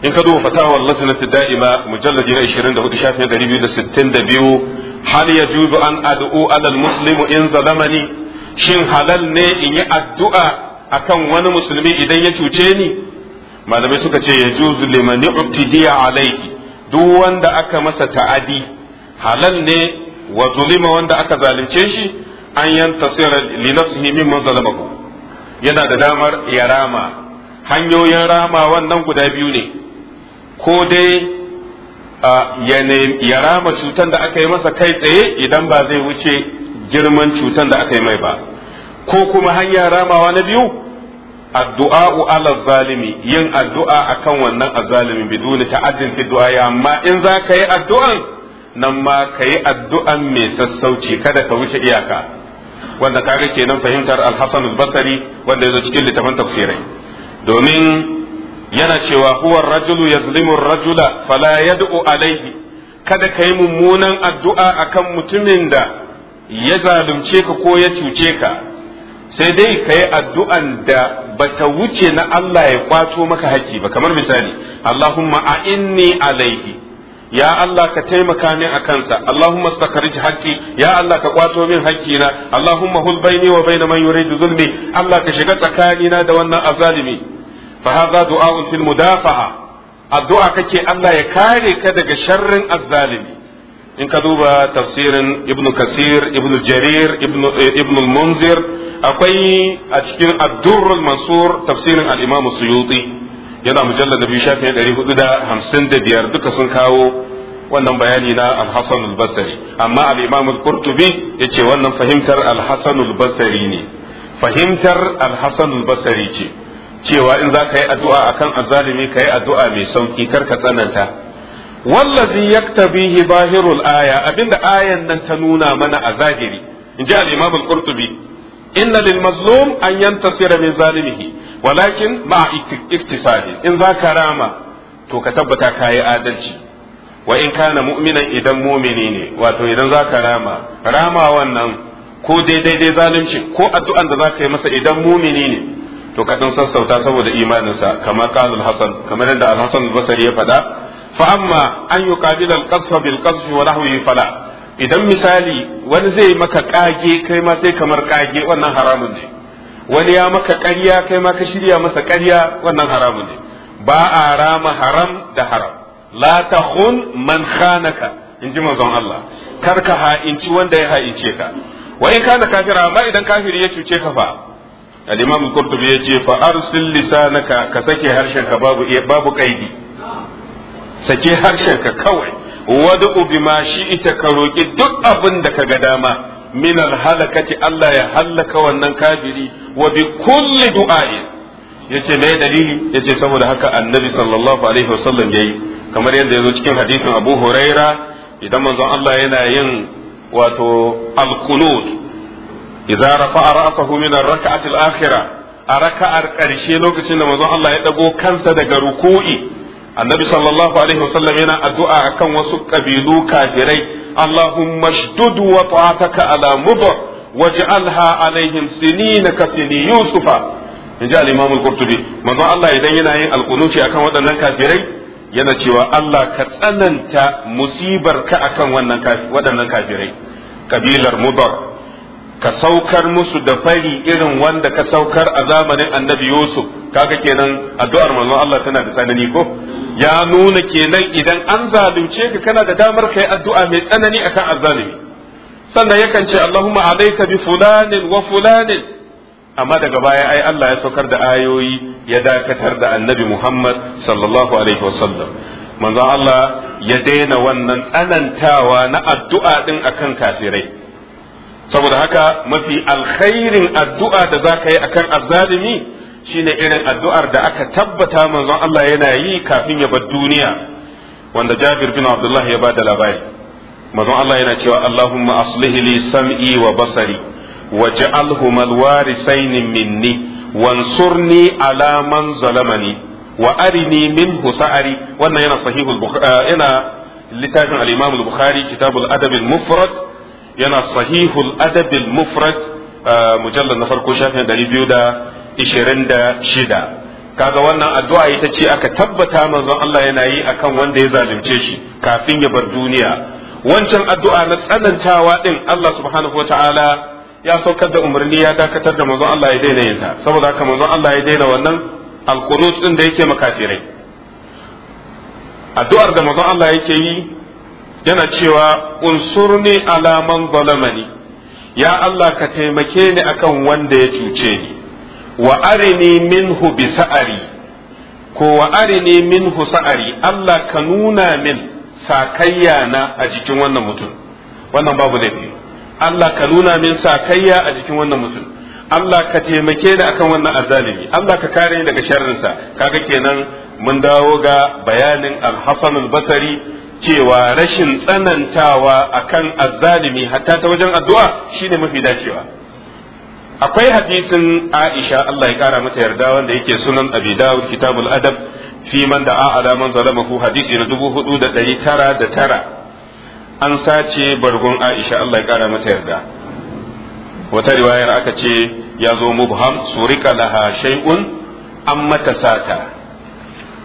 in ka duba fatawa lasinati da'ima mujalladi na 24 shafin 262 hal yajuzu an ad'u alal muslimu in zalamani shin halal ne in yi addu'a akan wani musulmi idan ya cuce ni malamai suka ce yajuzu liman uqtidiya alayhi duk wanda aka masa ta'adi halal ne wa zulima wanda aka zalunce shi an yantasira li nafsihi mimman zalamahu yana da damar ya rama hanyoyin rama wannan guda biyu ne ko dai ya rama cutan da aka yi masa kai tsaye idan ba zai wuce girman cutan da aka yi mai ba ko kuma hanyar ramawa na biyu Addu'a ala zalimi yin addu'a akan wannan azzalimi biduni ta'addin fi du'a amma in za ka yi addu'an nan ma ka yi addu'an mai sassauci kada ka wuce iyaka wanda kaga kenan fahimtar alhassan Basari, wanda ya zo cikin littafin tafsirai domin yana cewa huwar rajulu ya zulimin rajula fala ya yad'u alaihi kada ka yi mummunan addu'a akan mutumin da ya zalunce ka ko ya cuce ka sai dai ka yi addu'an da ba ta wuce na Allah ya kwato maka hakki ba kamar misali Allahumma a inni alaihi ya Allah ka taimaka min a kansa Allahumma stakarij haqqi ya Allah ka kwato min haqqina Allahumma hul baini wa baina man yuridu zulmi Allah ka shiga tsakanina da wannan azalimi fa hadha du'a'un fil mudafa'a addu'a kake Allah ya kare ka daga sharrin azzalimi in ka duba tafsirin ibn kasir ibn jarir ibn eh, munzir akwai a cikin ad-durr al-mansur tafsirin al-imam suyuti yana mujallar da biyu shafi na ɗari hudu da hamsin da biyar duka sun kawo wannan bayani na alhassan albasari amma al'imam al-qurtubi ya ce wannan fahimtar alhassan albasari ne fahimtar alhassan albasari ce cewa in za ka yi addu'a akan azalimi ka yi addu'a mai sauki kar ka tsananta wallazi yaktabihi bahirul aya abinda ayan nan ta nuna mana a zahiri in ji al-imam al-qurtubi inna lil mazlum an yantasira min zalimihi walakin ma iktisadi in za ka rama to ka tabbata ka yi adalci wa in kana mu'minan idan mumini ne wato idan za ka rama rama wannan ko daidai dai zalunci ko addu'an da za ka yi masa idan mumini ne to ka dan sassauta saboda imaninsa kamar qala hasan kamar yadda al-hasan basri ya faɗa fa amma an yuqabila al-qasfa bil qasfi wa nahwihi fala idan misali wani zai maka kage kai ma sai kamar kage wannan haramun ne wani ya maka ƙarya kai ma ka shirya masa ƙarya wannan haramun ne ba a rama haram da haram la takhun man khanaka in ji manzon Allah kar ka ha'inci wanda ya ha'ince ka wa in kana kafira amma idan kafiri ya cuce ka fa al-imam qurtubi ce fa arsil lisanaka ka sake harshen ka babu babu kaidi sake harshenka kawai wad'u shi ita ka roki duk abin da ka ga dama min halakati Allah ya halaka wannan kafiri wa bi kulli du'ain yace me dalili yace saboda haka annabi sallallahu alaihi wasallam yayi kamar yadda yazo cikin hadisin Abu Huraira idan manzon Allah yana yin wato al-qunut idza rafa'a ra'sahu min ar-rak'ati al-akhirah a raka'ar ƙarshe lokacin da manzon Allah ya dago kansa daga ruku'i annabi sallallahu alaihi wasallam yana addu'a akan wasu kabilu kafirai Allahu shdud wa ta'ataka ala mudh waj'alha alaihim Sini na sini yusufa inji al-imam al-qurtubi manzo Allah idan yana yin alqunuti akan waɗannan kafirai yana cewa Allah ka tsananta musibar ka akan waɗannan kafirai kabilar mudar ka saukar musu da fari irin wanda ka saukar a zamanin annabi Yusuf kaga kenan addu'ar manzon Allah tana da tsanani ko ya nuna kenan idan an zalunce ka kana da damar kai addu'a mai tsanani akan azzalimi sannan yakan ce Allahumma alayka bi fulanin wa fulanin amma daga baya ai Allah ya saukar da ayoyi ya dakatar da Annabi Muhammad sallallahu alaihi wasallam manzo Allah ya daina wannan tsanantawa na addu'a din akan kafirai saboda haka mafi alkhairin addu'a da za ka yi akan azzalimi shine irin addu'ar da aka tabbata manzon Allah yana yi kafin ya bar duniya wanda Jabir bin Abdullah ya ba da labari manzon Allah yana cewa Allahumma aslihi li sam'i wa basari waj'alhuma alwarisain minni wansurni ala man zalamani wa arini minhu sa'ari wannan yana sahihul eh, yana littafin al-Imam al-Bukhari kitabul adab al-mufrad yana sahihul adab al-mufrad eh, mujallad na farko shafin 200 26 kaga wannan addu'a ita ce aka tabbata manzon Allah yana yi akan wanda ya zalunce shi kafin ya bar duniya wancan addu'a na tsanantawa din Allah subhanahu wataala ya saukar da umarni ya dakatar da manzon Allah ya daina yin saboda haka manzon Allah ya daina wannan alqunut din da yake makafirai addu'ar da manzon Allah yake yi yana cewa unsurni ala man zalamani ya Allah ka taimake ni akan wanda ya cuce ni wa arini minhu bi sa'ari ko wa arini minhu sa'ari Allah ka nuna min sakayya na a jikin wannan mutum wannan babu laifi Allah ka nuna min sakayya a jikin wannan mutum Allah ka taimake ni akan wannan azalimi Allah ka kare ni daga sharrinsa kaga kenan mun dawo ga bayanin al-Hasan al-Basri cewa rashin tsanantawa akan azalimi hatta ta wajen addu'a shine mafi dacewa akwai hadisin Aisha Allah ya kara mata yarda wanda yake sunan Abi Dawud Kitabul Adab fi man da'a ala man zalamahu hadisi na 4909 an sace bargon Aisha Allah ya kara mata yarda wata riwayar aka ce ya zo mubham surika laha shay'un an mata sata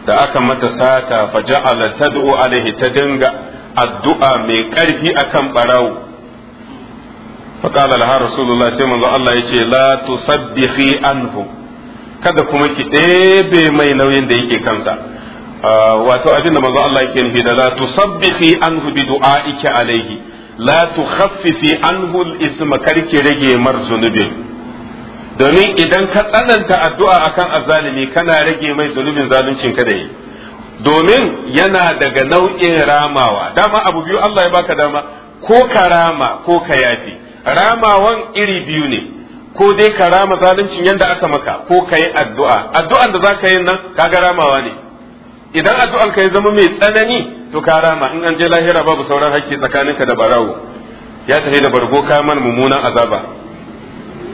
da aka mata sata fa ja'ala tad'u alaihi ta dinga addu'a mai karfi akan barawo فقال لها رسول الله سيما الله يجي لا تصدقي عنه kada kuma ki ɗebe mai nauyin da yake kansa wato abinda manzo Allah yake nufi da la tusabbihi anhu bi du'aika alayhi la tukhaffifi anhu al kar karki rage mar zunubin domin idan ka tsananta addu'a akan azzalimi kana rage mai zunubin zaluncin ka da yi domin yana daga nau'in ramawa dama abu biyu Allah ya baka dama ko ka rama ko ka yafi ramawan iri biyu ne ko dai ka rama zaluncin yadda aka maka ko ka yi addu'a addu'an da za ka yi nan kaga ramawa ne idan addu'an ka ya zama mai tsanani to ka rama in an je lahira babu sauran hakki tsakaninka da barawo ya tahi da bargo kaman mummunan azaba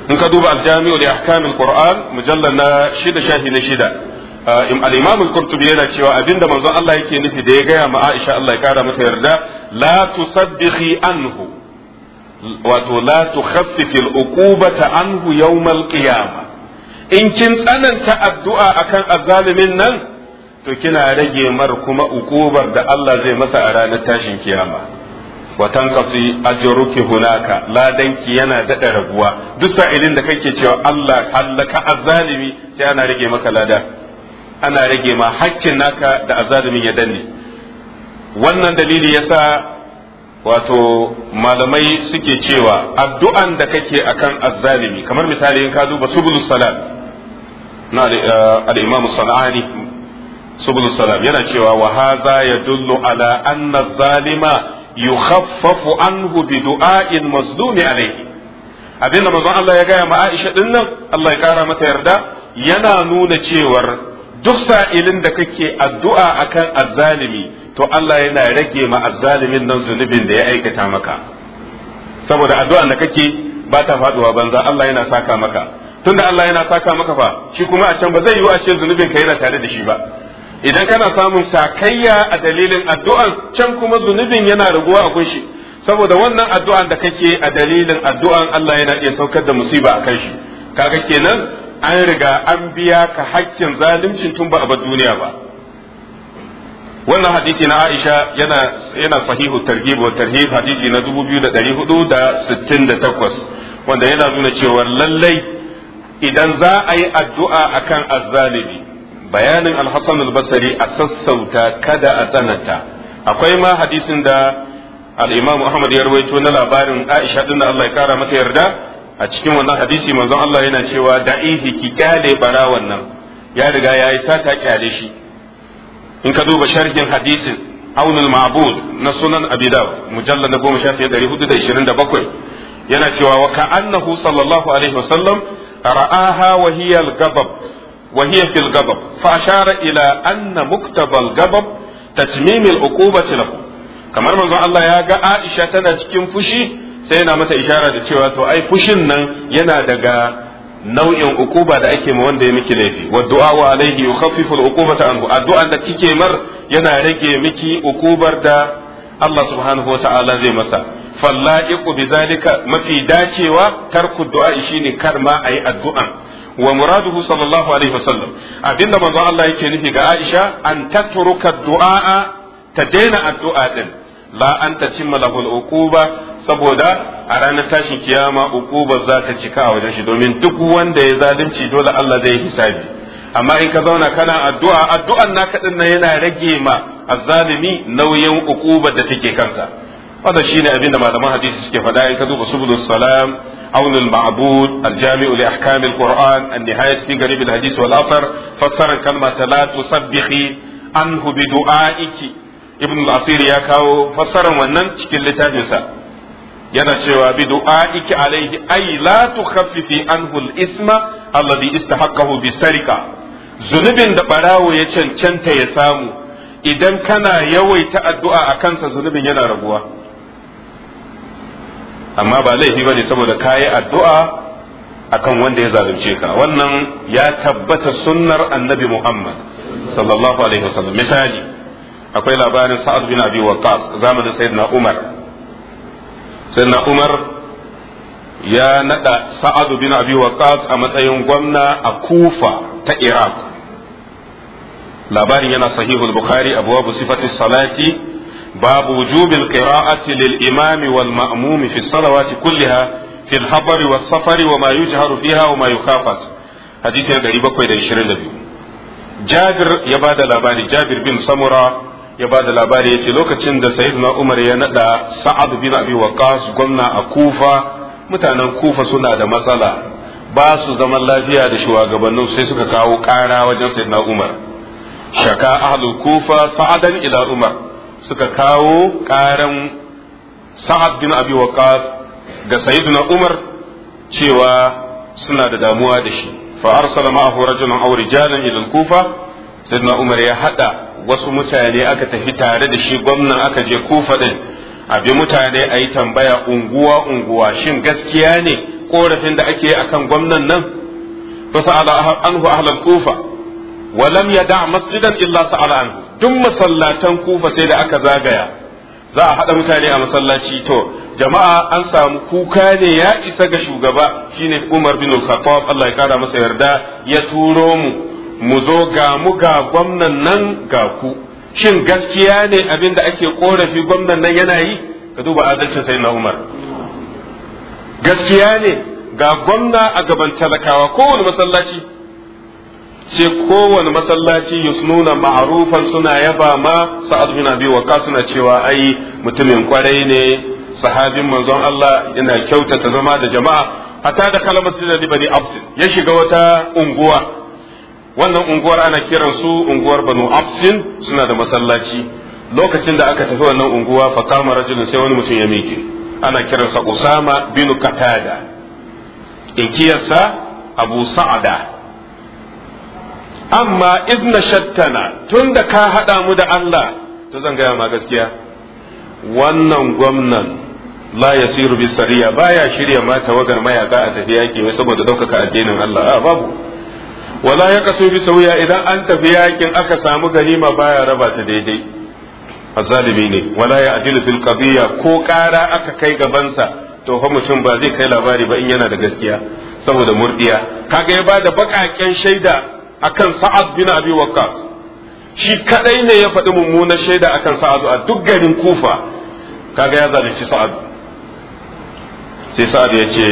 in ka duba aljami'u li ahkamil qur'an mujallal na shida shahi na shida uh, al-imam al-qurtubi yana cewa abinda manzon Allah yake nufi da ya gaya ma Aisha Allah ya kara mata yarda la tusabbihi anhu wato la tukhaffifil uqubata anhu yawmal qiyamah in kin tsananta addu'a akan azzalimin nan to kina rage mar kuma uqubar da Allah zai masa a ranar tashin kiyama wa tanqasi ajruki hunaka ladanki yana dada raguwa duk sa'ilin da kake cewa Allah hallaka azzalimi sai ana rage maka lada ana rage ma hakkin naka da azalimin ya danne wannan dalili yasa wato malamai suke cewa addu'an da kake akan azzalimi kamar misali in ka duba subulus salam na eh, al-imam subulus salam yana cewa wa ya yadullu ala anna zalima yukhaffafu anhu bi du'a'in mazlumi alayhi abinda manzon Allah ya gaya ma Aisha din nan Allah ya kara mata yarda yana nuna cewar duk sa'ilin da kake addu'a akan azzalimi to Allah yana rage ma azzalimin nan zunubin da ya aikata maka saboda addu'a da kake ba ta faduwa banza Allah yana saka maka tunda Allah yana saka maka fa shi kuma a can ba zai yi wa ce zunubin ka yana tare da shi ba idan kana samun sakayya a dalilin addu'an can kuma zunubin yana raguwa a gunshi saboda wannan addu'an da kake a dalilin addu'an Allah yana iya saukar da musiba a kan shi kaga kenan an riga an biya ka hakkin zaluncin tun ba a bar duniya ba wannan hadisi na Aisha yana yana sahihu targhib wa tarhib hadisi na 2468 wanda yana nuna cewa lallai idan za a yi addu'a akan azzalimi bayanin al-Hasan al-Basri a sassauta kada a tsananta akwai ma hadisin da al-Imam Ahmad ya rawaito na labarin Aisha din Allah ya kara mata yarda a cikin wannan hadisi manzon Allah yana cewa da'ihi ki kyale bara wannan ya riga yayi sata kyale shi in ka duba sharhin hadisin aunul ma'bud na sunan hudu da ishirin da bakwai yana cewa wa annahu sallallahu alaihi ra'aha wa hiya al-gabab wa hiya fil gabab fa ashara ila anna muktabal gabab tatmim al-uqubati lahu kamar manzon Allah ya ga Aisha tana cikin fushi sai yana mata ishara da cewa to ai fushin nan yana daga nau'in ukuba da ake ma wanda ya miki laifi wa du'a alaihi yukhaffifu al-uqubata anhu addu'an da kike mar yana rage miki ukubar da Allah subhanahu wata'ala zai masa falla'iqu bizalika mafi dacewa tarku du'a shine kar ma ayi addu'an wa muraduhu sallallahu alaihi wasallam abinda manzo Allah yake nufi ga Aisha an tatruka du'a ta daina addu'a din la an tatimma lahul uquba saboda a ranar tashin kiyama uquba za ta cika a wajen shi domin duk wanda ya zalunci dole Allah zai hisabi amma in ka zauna kana addu'a addu'an naka din nan yana rage ma azzalimi nauyin uquba da take kansa wannan shine abin da malaman hadisi suke faɗa in ka duba subulus salam عون المعبود الجامع لأحكام القرآن النهاية في قريب الحديث والأثر فسر كلمة لا تسبخي عنه بدعائك ibn al-asir ya kawo fassarar wannan cikin littafinsa yana cewa bi iki alaihi ay la tukhaffifi anhu al-isma alladhi istahaqqahu bi sarika zunubin da barawo ya cancanta ya samu idan kana yawaita addu'a a kansa zunubin yana raguwa amma ba laifi bane saboda kayi addu'a akan wanda ya zalunce ka wannan ya tabbata sunnar annabi Muhammad sallallahu alaihi wasallam misali akwai labarin sa'ad bin abi waqas zamanin sayyidina umar sayyidina umar ya nada sa'ad bin abi waqas a matsayin gwamna a kufa ta iraq labarin yana sahihu al bukhari abwabu sifati salati babu wujubil qira'ati lil imami wal ma'mumi fi salawati kulliha fi al-habari was safari wa ma yujharu fiha wa ma yukhafat hadisi 722 jabir ya bada labari jabir bin samura ya ba da labari ya ce lokacin da sayyidina umar ya nada sa'ad bin abi waqas gwamna a kufa mutanen kufa suna da matsala ba su zaman lafiya da shugabannin sai suka kawo kara wajen sayyidina umar shaka ahlul kufa sa'adan ila umar suka kawo karan sa'ad bin abi waqas ga sayyidina umar cewa suna da damuwa da shi fa arsala ma'ahu rajulan aw rijalan ila kufa sayyidina umar ya hada wasu mutane aka tafi tare da shi gwamnan aka je kufa din abi mutane a yi tambaya unguwa unguwa shin gaskiya ne korafin da ake kan gwamnan nan fasa'ala anhu ahlal kufa wa lam yada masjidan illa sa'ala anhu duk masallatan kufa sai da aka zagaya za a haɗa mutane a masallaci to jama'a an samu kuka ne ya isa ga shugaba shine Umar bin Khattab Allah ya kara masa yarda ya turo mu mu zo ga mu ga gwamnan nan ga ku shin gaskiya ne abin da ake korafi gwamnan nan yana yi ka duba adalcin sai na umar gaskiya ne ga gwamna a gaban talakawa kowane masallaci ce kowane masallaci yusnuna ma'arufan suna yaba ma sa'ad bin abi wa suna cewa ai mutumin kwarai ne sahabin manzon Allah yana kyautata zama da jama'a hatta da kalmar sunan bani absin ya shiga wata unguwa wannan unguwar ana kiran su unguwar banu absin suna da masallaci lokacin da aka tafi wannan unguwa fa kama rajulun sai wani mutum ya miƙe ana kiransa usama bin katada inkiyarsa abu sa'ada amma izna shattana tunda ka haɗa mu da Allah to zan gaya ma gaskiya wannan gwamnan la yasiru bisariya baya shirya ma tawagar mayaka a tafiya ke mai saboda ɗaukaka addinin Allah a babu wala ya kaso bi sauya idan an tafi yakin aka samu ganima baya raba ta daidai azalimi ne wala ya ajilu fil qadiyya ko kara aka kai gabansa to fa mutum ba zai kai labari ba in yana da gaskiya saboda murdiya kaga ya bada bakaken shaida akan sa'ad bin abi waqqas shi kadai ne ya faɗi mummunar shaida akan sa'ad a duk garin kufa kaga ya zalunci sa'ad sai sa'ad ya ce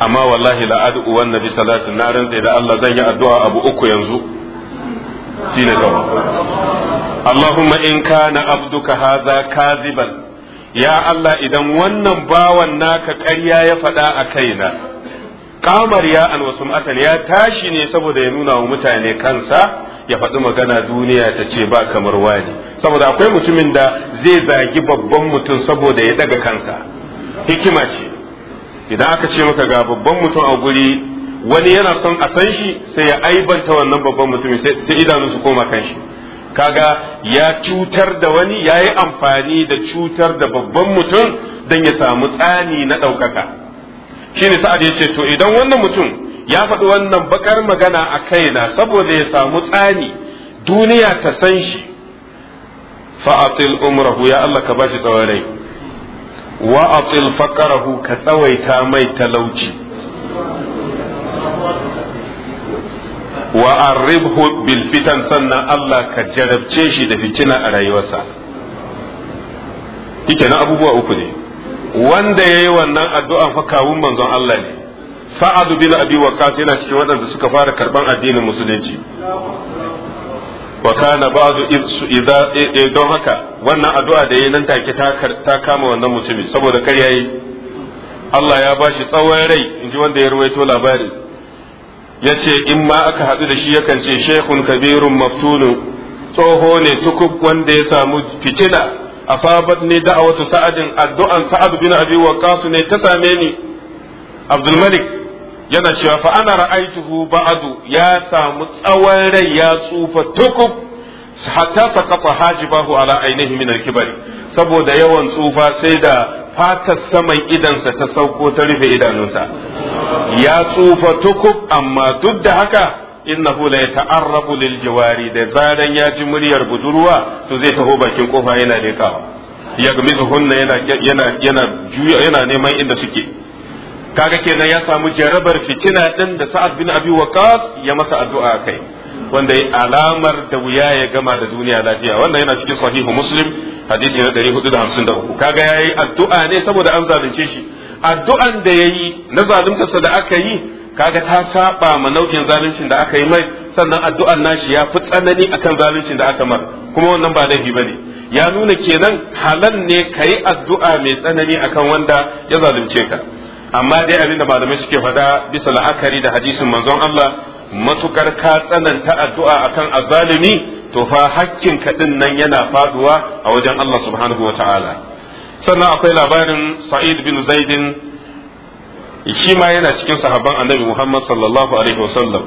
amma wallahi la ad'u wan nabi salatu na rantsa da Allah zan yi addu'a abu uku yanzu shine kawai Allahumma in kana abduka hadha kadiban ya Allah idan wannan bawan naka ƙarya ya faɗa a kaina kamar ya an wasu ya tashi ne saboda ya nuna wa mutane kansa ya faɗi magana duniya ta ce ba kamar wani saboda akwai mutumin da zai zagi babban mutum saboda ya daga kansa hikima ce idan aka ce maka ga babban mutum a guri wani yana son a san shi sai ya aibanta wannan babban mutum sai idanu su koma kan shi kaga ya cutar da wani ya yi amfani da cutar da babban mutum don ya samu tsani na ɗaukaka shi ne sa'ad ya ce to idan wannan mutum ya faɗi wannan bakar magana a kaina saboda ya samu tsani duniya ta san shi fa'atil umrahu ya Allah ka bashi tsawon rai wa atil fakarahu ka tsawaita mai talauci wa arribhu bil fitan sannan Allah ka jarabce shi da fitina a rayuwarsa yake na abubuwa uku ne wanda yayi wannan addu'an fa kawun manzon Allah ne sa'adu bin abi wa yana cikin waɗanda suka fara karban addinin musulunci wa kana ba'du idza eh, eh, don haka wannan addu'a da yayin nan take ta kama wannan mutumin saboda kar yayi Allah ya bashi tsawon rai inji wanda ya ruwaito labari yace in ma aka hadu da shi yakan ce shaykhun kabirun maftunu tsoho ne tukub wanda ya samu fitina asabat ne da'awatu sa'adin addu'an sa'ad bin abi waqas ne ta same ni Abdul Malik yana cewa fa ana ra'aituhu ba'du ya samu tsawon rai ya tsufa tukub hatta saqata hajibahu ala ainihi min al-kibari saboda yawan tsufa sai da fatar saman idansa ta sauko ta rufe idanunsa ya tsufa tukub amma duk da haka innahu la yata'arrabu lil jawari da zaran ya ji muryar budurwa to zai taho bakin kofa yana lekawa ya gami yana yana yana yana neman inda suke kaga kenan ya samu jarabar fitina din da Sa'ad bin Abi waqas ya masa addu'a kai wanda ya alamar da wuya ya gama da duniya lafiya wannan yana cikin sahihu Muslim hadisi na 453 kaga yayi addu'a ne saboda an zalunce shi addu'an da yayi na zaluntarsa da aka yi kaga ta saba ma nau'in zaluncin da aka yi mai sannan addu'an nashi ya fi tsanani akan zaluncin da aka mar kuma wannan ba laifi bane ya nuna kenan halan ne kai addu'a mai tsanani akan wanda ya zalunce ka amma dai abinda malamai suke faɗa bisa la'akari da hadisin manzon Allah matukar ka tsananta addu'a akan azalimi to fa hakkin ka din nan yana faduwa a wajen Allah subhanahu wa ta'ala sannan akwai labarin sa'id bin zaidin shi ma yana cikin sahabban annabi muhammad sallallahu alaihi wasallam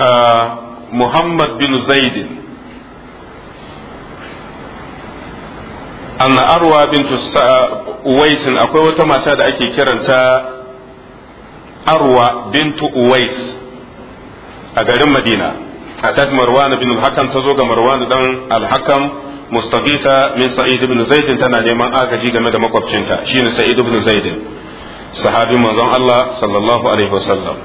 ah, muhammad bin zaidin an arwa bintu uwaisin akwai wata mata da ake kiranta arwa bintu uwais a garin madina atat marwan bin al ta zo ga marwan dan al-hakam mustaqita min sa'id ibn zaid tana neman agaji game da makwabcinta shine sa'id ibn zaid sahabi manzon Allah sallallahu alaihi wasallam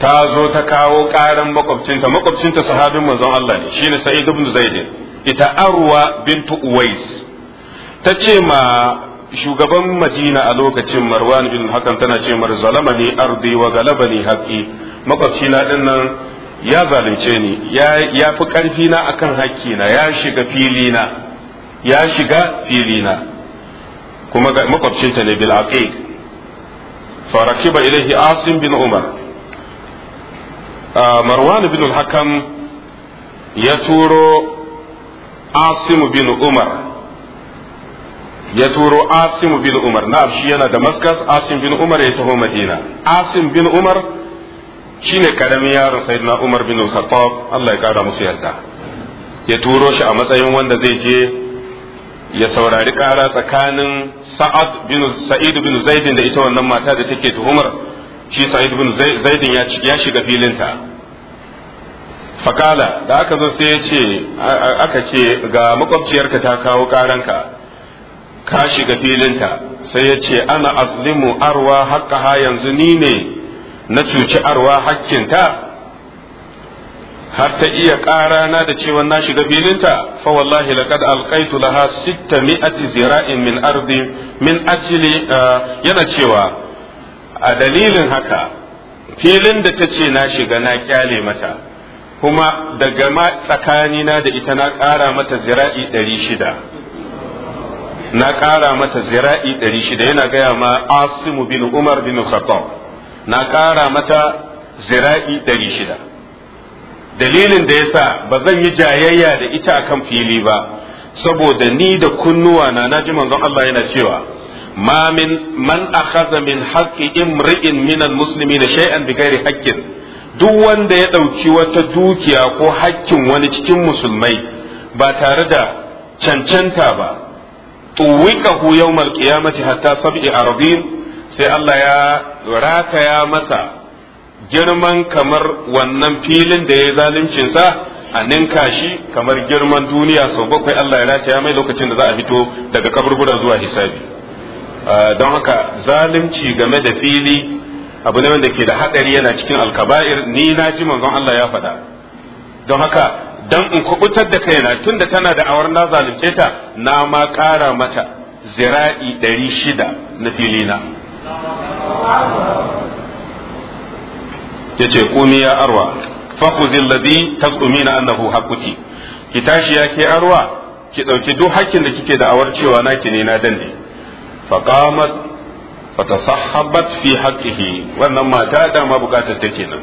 ta zo ta kawo karan makwabcinta makwabcinta sahabin manzon Allah ne ita arwa bintu uwais ta ce ma shugaban madina a lokacin marwan bin hakan tana ce mar zalama ni ardi wa galaba ni haƙi makwabcina ɗin nan ya zalunce ni ya fi ƙarfi na akan na ya shiga filina ya shiga filina kuma makwabcinta ne bil aqiq farakiba ilaihi asim bin umar ah, marwan bin hakan ya turo asim bin umar ya turo asim bin umar na shi yana damascus asim bin umar ya taho madina asim bin umar shine karamin yaron sayyidina umar bin khattab Allah ya kara musu yarda ya turo shi a matsayin wanda zai je ya saurari kara tsakanin sa'ad bin sa'id bin zaidin da ita wannan mata da take tuhumar shi sa'id bin zaidin ya shiga filinta fakala da aka zo sai ya ce aka ce ga makwabciyarka ta kawo karanka ka shiga filinta sai ya ce ana azlimu arwa haƙƙa ha yanzu ni ne na cuci arwa ta. har ta iya ƙara na da cewa na shiga filinta fa wallahi laqad alqaitu laha 600 zira'in min ardi min ajli yana cewa a dalilin haka filin da ta ce na shiga na kyale mata kuma daga ma tsakanina da ita na ƙara mata zira'i ɗari shida na ƙara mata zira'i ɗari shida yana gaya ma asimu bin umar bin khattab na ƙara mata zira'i ɗari shida dalilin da yasa ba zan yi jayayya da ita akan fili ba saboda ni da kunnuwa na naji manzon Allah yana cewa ma min man akhadha min haqqi imri'in minan musulmi da shay'an bighairi haqqin duk wanda ya ɗauki wata dukiya ko hakkin wani cikin musulmai ba tare da cancanta ba tuwikahu yawmal qiyamati hatta sab'i aradin sai Allah ya rataya masa girman kamar wannan filin da ya zaluncin sa a ninka shi kamar girman duniya sau bakwai Allah ya rataya mai lokacin da za a fito daga kaburbura zuwa hisabi ah, don haka zalunci game da fili abu ne wanda ke da hadari yana cikin alkaba'ir ni na ji manzon Allah ya faɗa don haka dan in kubutar da kaina tunda tana da awar na zalunce ta na ma ƙara mata zira'i ɗari shida na filina ce qumi ya arwa fakhudhi alladhi na annahu haquki ki tashi ya ke arwa ki ɗauki duk hakkin da kike da awar cewa naki ne na danne faqamat sahabat fi haqqihi wannan mata da ma bukatar ta kenan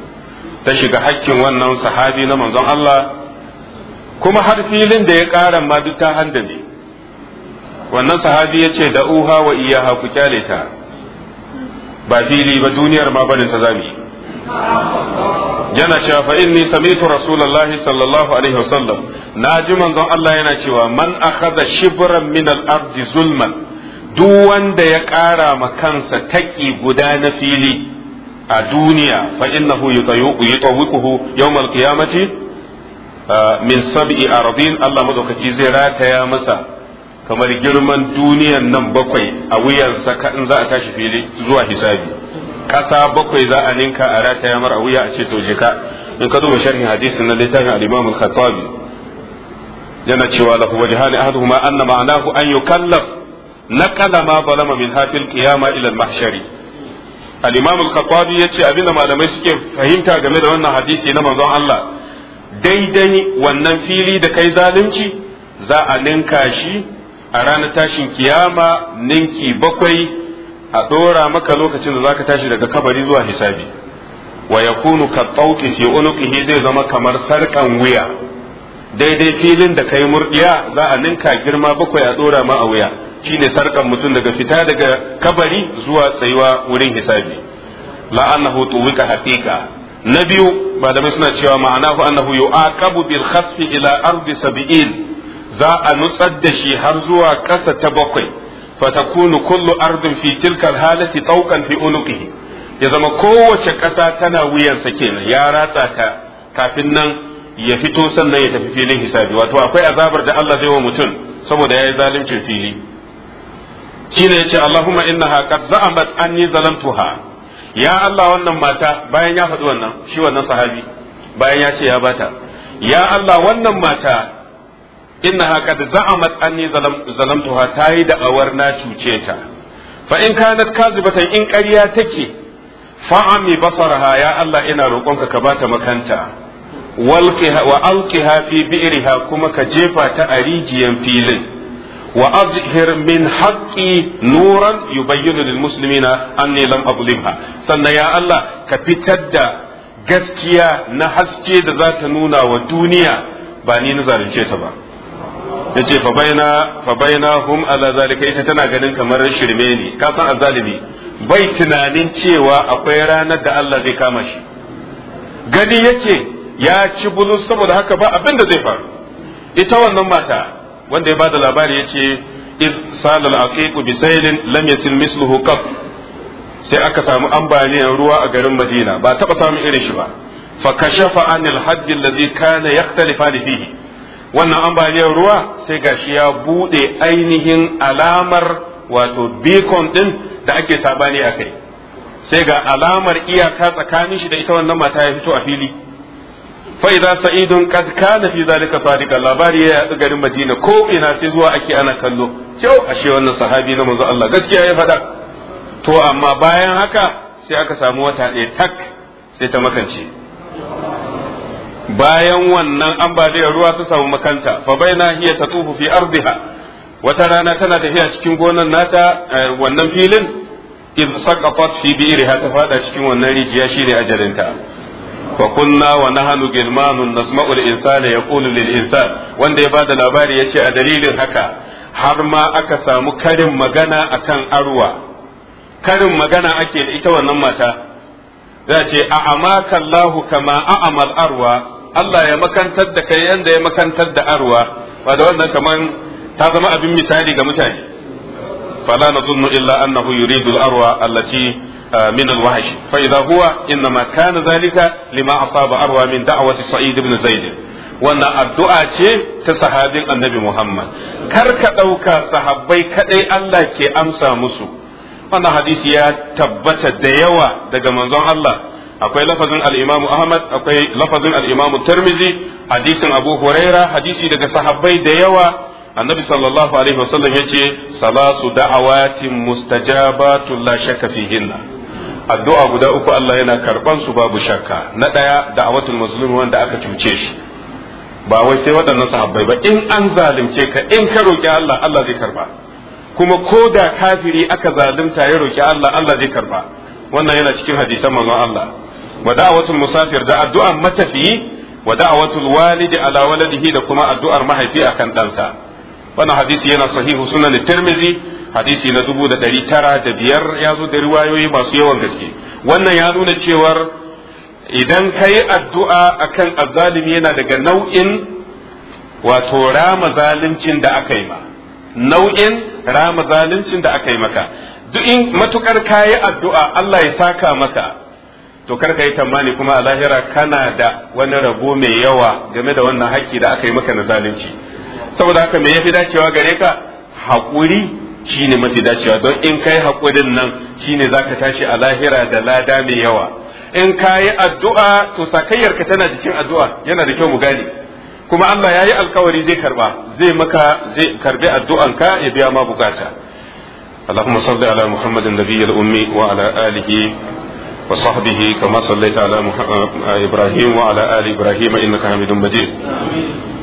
ta shiga haƙƙin wannan sahabi na manzon Allah kuma har filin da ya ƙara ma duk ta handa handame wannan sahabi ya ce da'uha wa iyaha ku kyale ta ba fili ba duniyar ma barin ta zami yana cewa fa inni samitu rasulullahi sallallahu alaihi wasallam na ji manzon Allah yana cewa man akhadha shibran min al-ardi zulman duk wanda ya ƙara ma kansa taƙi guda na fili a duniya fa innahu yutawwiquhu yawm al-qiyamati min sab'i aradin Allah madaukaki zai rataya masa kamar girman duniyan nan bakwai a wuyansa in za a tashi fili zuwa hisabi kasa bakwai za a ninka a rataya mar a wuya a ce to je ka in ka duba sharhin hadisin na littafin al-Imam al-Khattabi yana cewa lahu wajhani ahaduhuma anna ma'anahu an yukallaf naqala ma zalama min hafil qiyama ila al-mahshari al-imam al-khattabi yace malamai suke fahimta game da wannan hadisi na manzon Allah daidai wannan fili da kai zalunci za a ninka shi a ranar tashin kiyama ninki bakwai a dora maka lokacin da zaka tashi daga kabari zuwa hisabi wa yakunu ka tsauki fi unuqihi zai zama kamar sarkan wuya daidai filin da kai murdiya za a ninka girma bakwai a dora ma a wuya shine sarkan mutum daga fita daga kabari zuwa tsayuwa wurin hisabi la'annahu tuwika haqiqa na biyu malamai suna cewa ma'anahu annahu yu'aqabu bil khasfi ila ardi sab'in za a nutsar da shi har zuwa ƙasa ta bakwai fatakunu kullu ardin fi tilkal halati taukan fi unuqihi ya zama kowace ƙasa tana wuyansa kenan ya ratsa ta kafin nan ya fito sannan ya tafi filin hisabi wato akwai azabar da Allah zai wa mutum saboda ya yi zaluncin fili shine yace Allahumma innaha qad za'amat anni zalamtuha ya Allah wannan mata bayan ya faɗi wannan shi wannan sahabi bayan ya ce ya bata ya Allah wannan mata innaha qad za'amat anni zalamtuha tayi da awar na cuce ta fa in kanat kazibatan in ƙarya take fa'ami basarha ya Allah ina roƙonka ka bata makanta wa alqiha fi bi'riha kuma ka jefa ta a rijiyan filin وأظهر من حقي نورا يبين للمسلمين أني لم أظلمها سنة يا الله da gaskiya na haske da za ta nuna wa duniya ba ni na zalunce ta ba ya ce fabaina hum ala zalika ita tana ganin kamar shirme ne ka san azalimi bai tunanin cewa akwai ranar da Allah zai kama shi gani yake ya ci bulus saboda haka ba abin da zai faru ita wannan mata wanda ya bada labari yace id salal aqiqu bi sailin lam yasil misluhu qat sai aka samu ambaliyar ruwa a garin Madina ba taba samu irin shi ba fa kashafa anil hadd alladhi kana yakhtalifani fihi wannan ambaliyar ruwa sai gashi ya bude ainihin alamar wato beacon din da ake sabani akai sai ga alamar iyaka tsakanin shi da ita wannan mata ya fito a fili fa idza sa'idun qad kana fi zalika sadiqan labari ya yatsu garin madina ko ina sai zuwa ake ana kallo cewa ashe wannan sahabi na manzo Allah gaskiya ya faɗa to amma bayan haka sai aka samu wata ɗaya tak sai ta makance bayan wannan ambaliyar ruwa ta samu makanta fa baina hiya tatufu fi ardiha wata rana tana tafiya cikin gonan nata eh, wannan filin in saqafat fi bi'riha ta fada cikin wannan rijiya shine ajalinta gilmanu ونحن غلمان ya الانسان lil insan wanda ya bada labari yace a dalilin haka har ma aka samu karin magana akan arwa karin magana ake da ita wannan mata za ce a amaka Allahu kama a'amal arwa Allah ya makantar da kai yanda ya makantar da arwa ba da wannan kaman ta zama abin misali ga mutane fala nazunnu illa annahu yuridu al-arwa allati من الوحش فإذا هو إنما كان ذلك لما أصاب أروى من دعوة سعيد بن زيد wannan addu'a ce ta sahabin annabi Muhammad kar ka ɗauka sahabbai kaɗai Allah ke amsa musu wannan hadisi ya tabbatar da yawa daga manzon Allah akwai lafazin al'imamu Ahmad akwai lafazin al'imamu Tirmizi hadisin Abu Huraira hadisi daga sahabbai da yawa annabi sallallahu alaihi wasallam ya ce salasu da'awatin mustajabatun la shakka fihinna addu'a guda uku Allah yana karban su babu shakka na daya da'awatul mazlum wanda aka cuce shi ba wai sai waɗannan sahabbai ba in an zalunce ka in ka roki Allah Allah zai karba kuma ko da kafiri aka zalunta ya roki Allah Allah zai karba wannan yana cikin hadisan manzon Allah wa da'awatul musafir da addu'ar matafiyi wa da'awatul walidi ala waladihi da kuma addu'ar mahaifi akan ɗansa wannan hadisi yana sahihu sunan tirmizi hadisi na dubu da ɗari tara da biyar ya zo da riwayoyi masu yawan gaske wannan ya nuna cewar idan ka yi addu'a akan azalimi yana daga nau'in wato rama zaluncin da aka yi ma nau'in rama zaluncin da aka yi maka duk in matukar ka yi addu'a Allah ya saka maka to kar ka yi tamani kuma a lahira kana da wani rabo mai yawa game da wannan haƙƙi da aka yi maka na zalunci saboda haka me fi dacewa gare ka haƙuri shine mafi dacewa don in kai haƙurin nan shi za zaka tashi a lahira da lada mai yawa in kayi addu'a to sakayyarka tana jikin addu'a yana da kyau mu gane kuma Allah ya yi alkawari zai karba zai maka zai karbi addu'anka ya biya ma bukata اللهم صل على محمد النبي الأمي وعلى آله وصحبه كما صليت على إبراهيم وعلى آل إبراهيم إنك حميد مجيد آمين.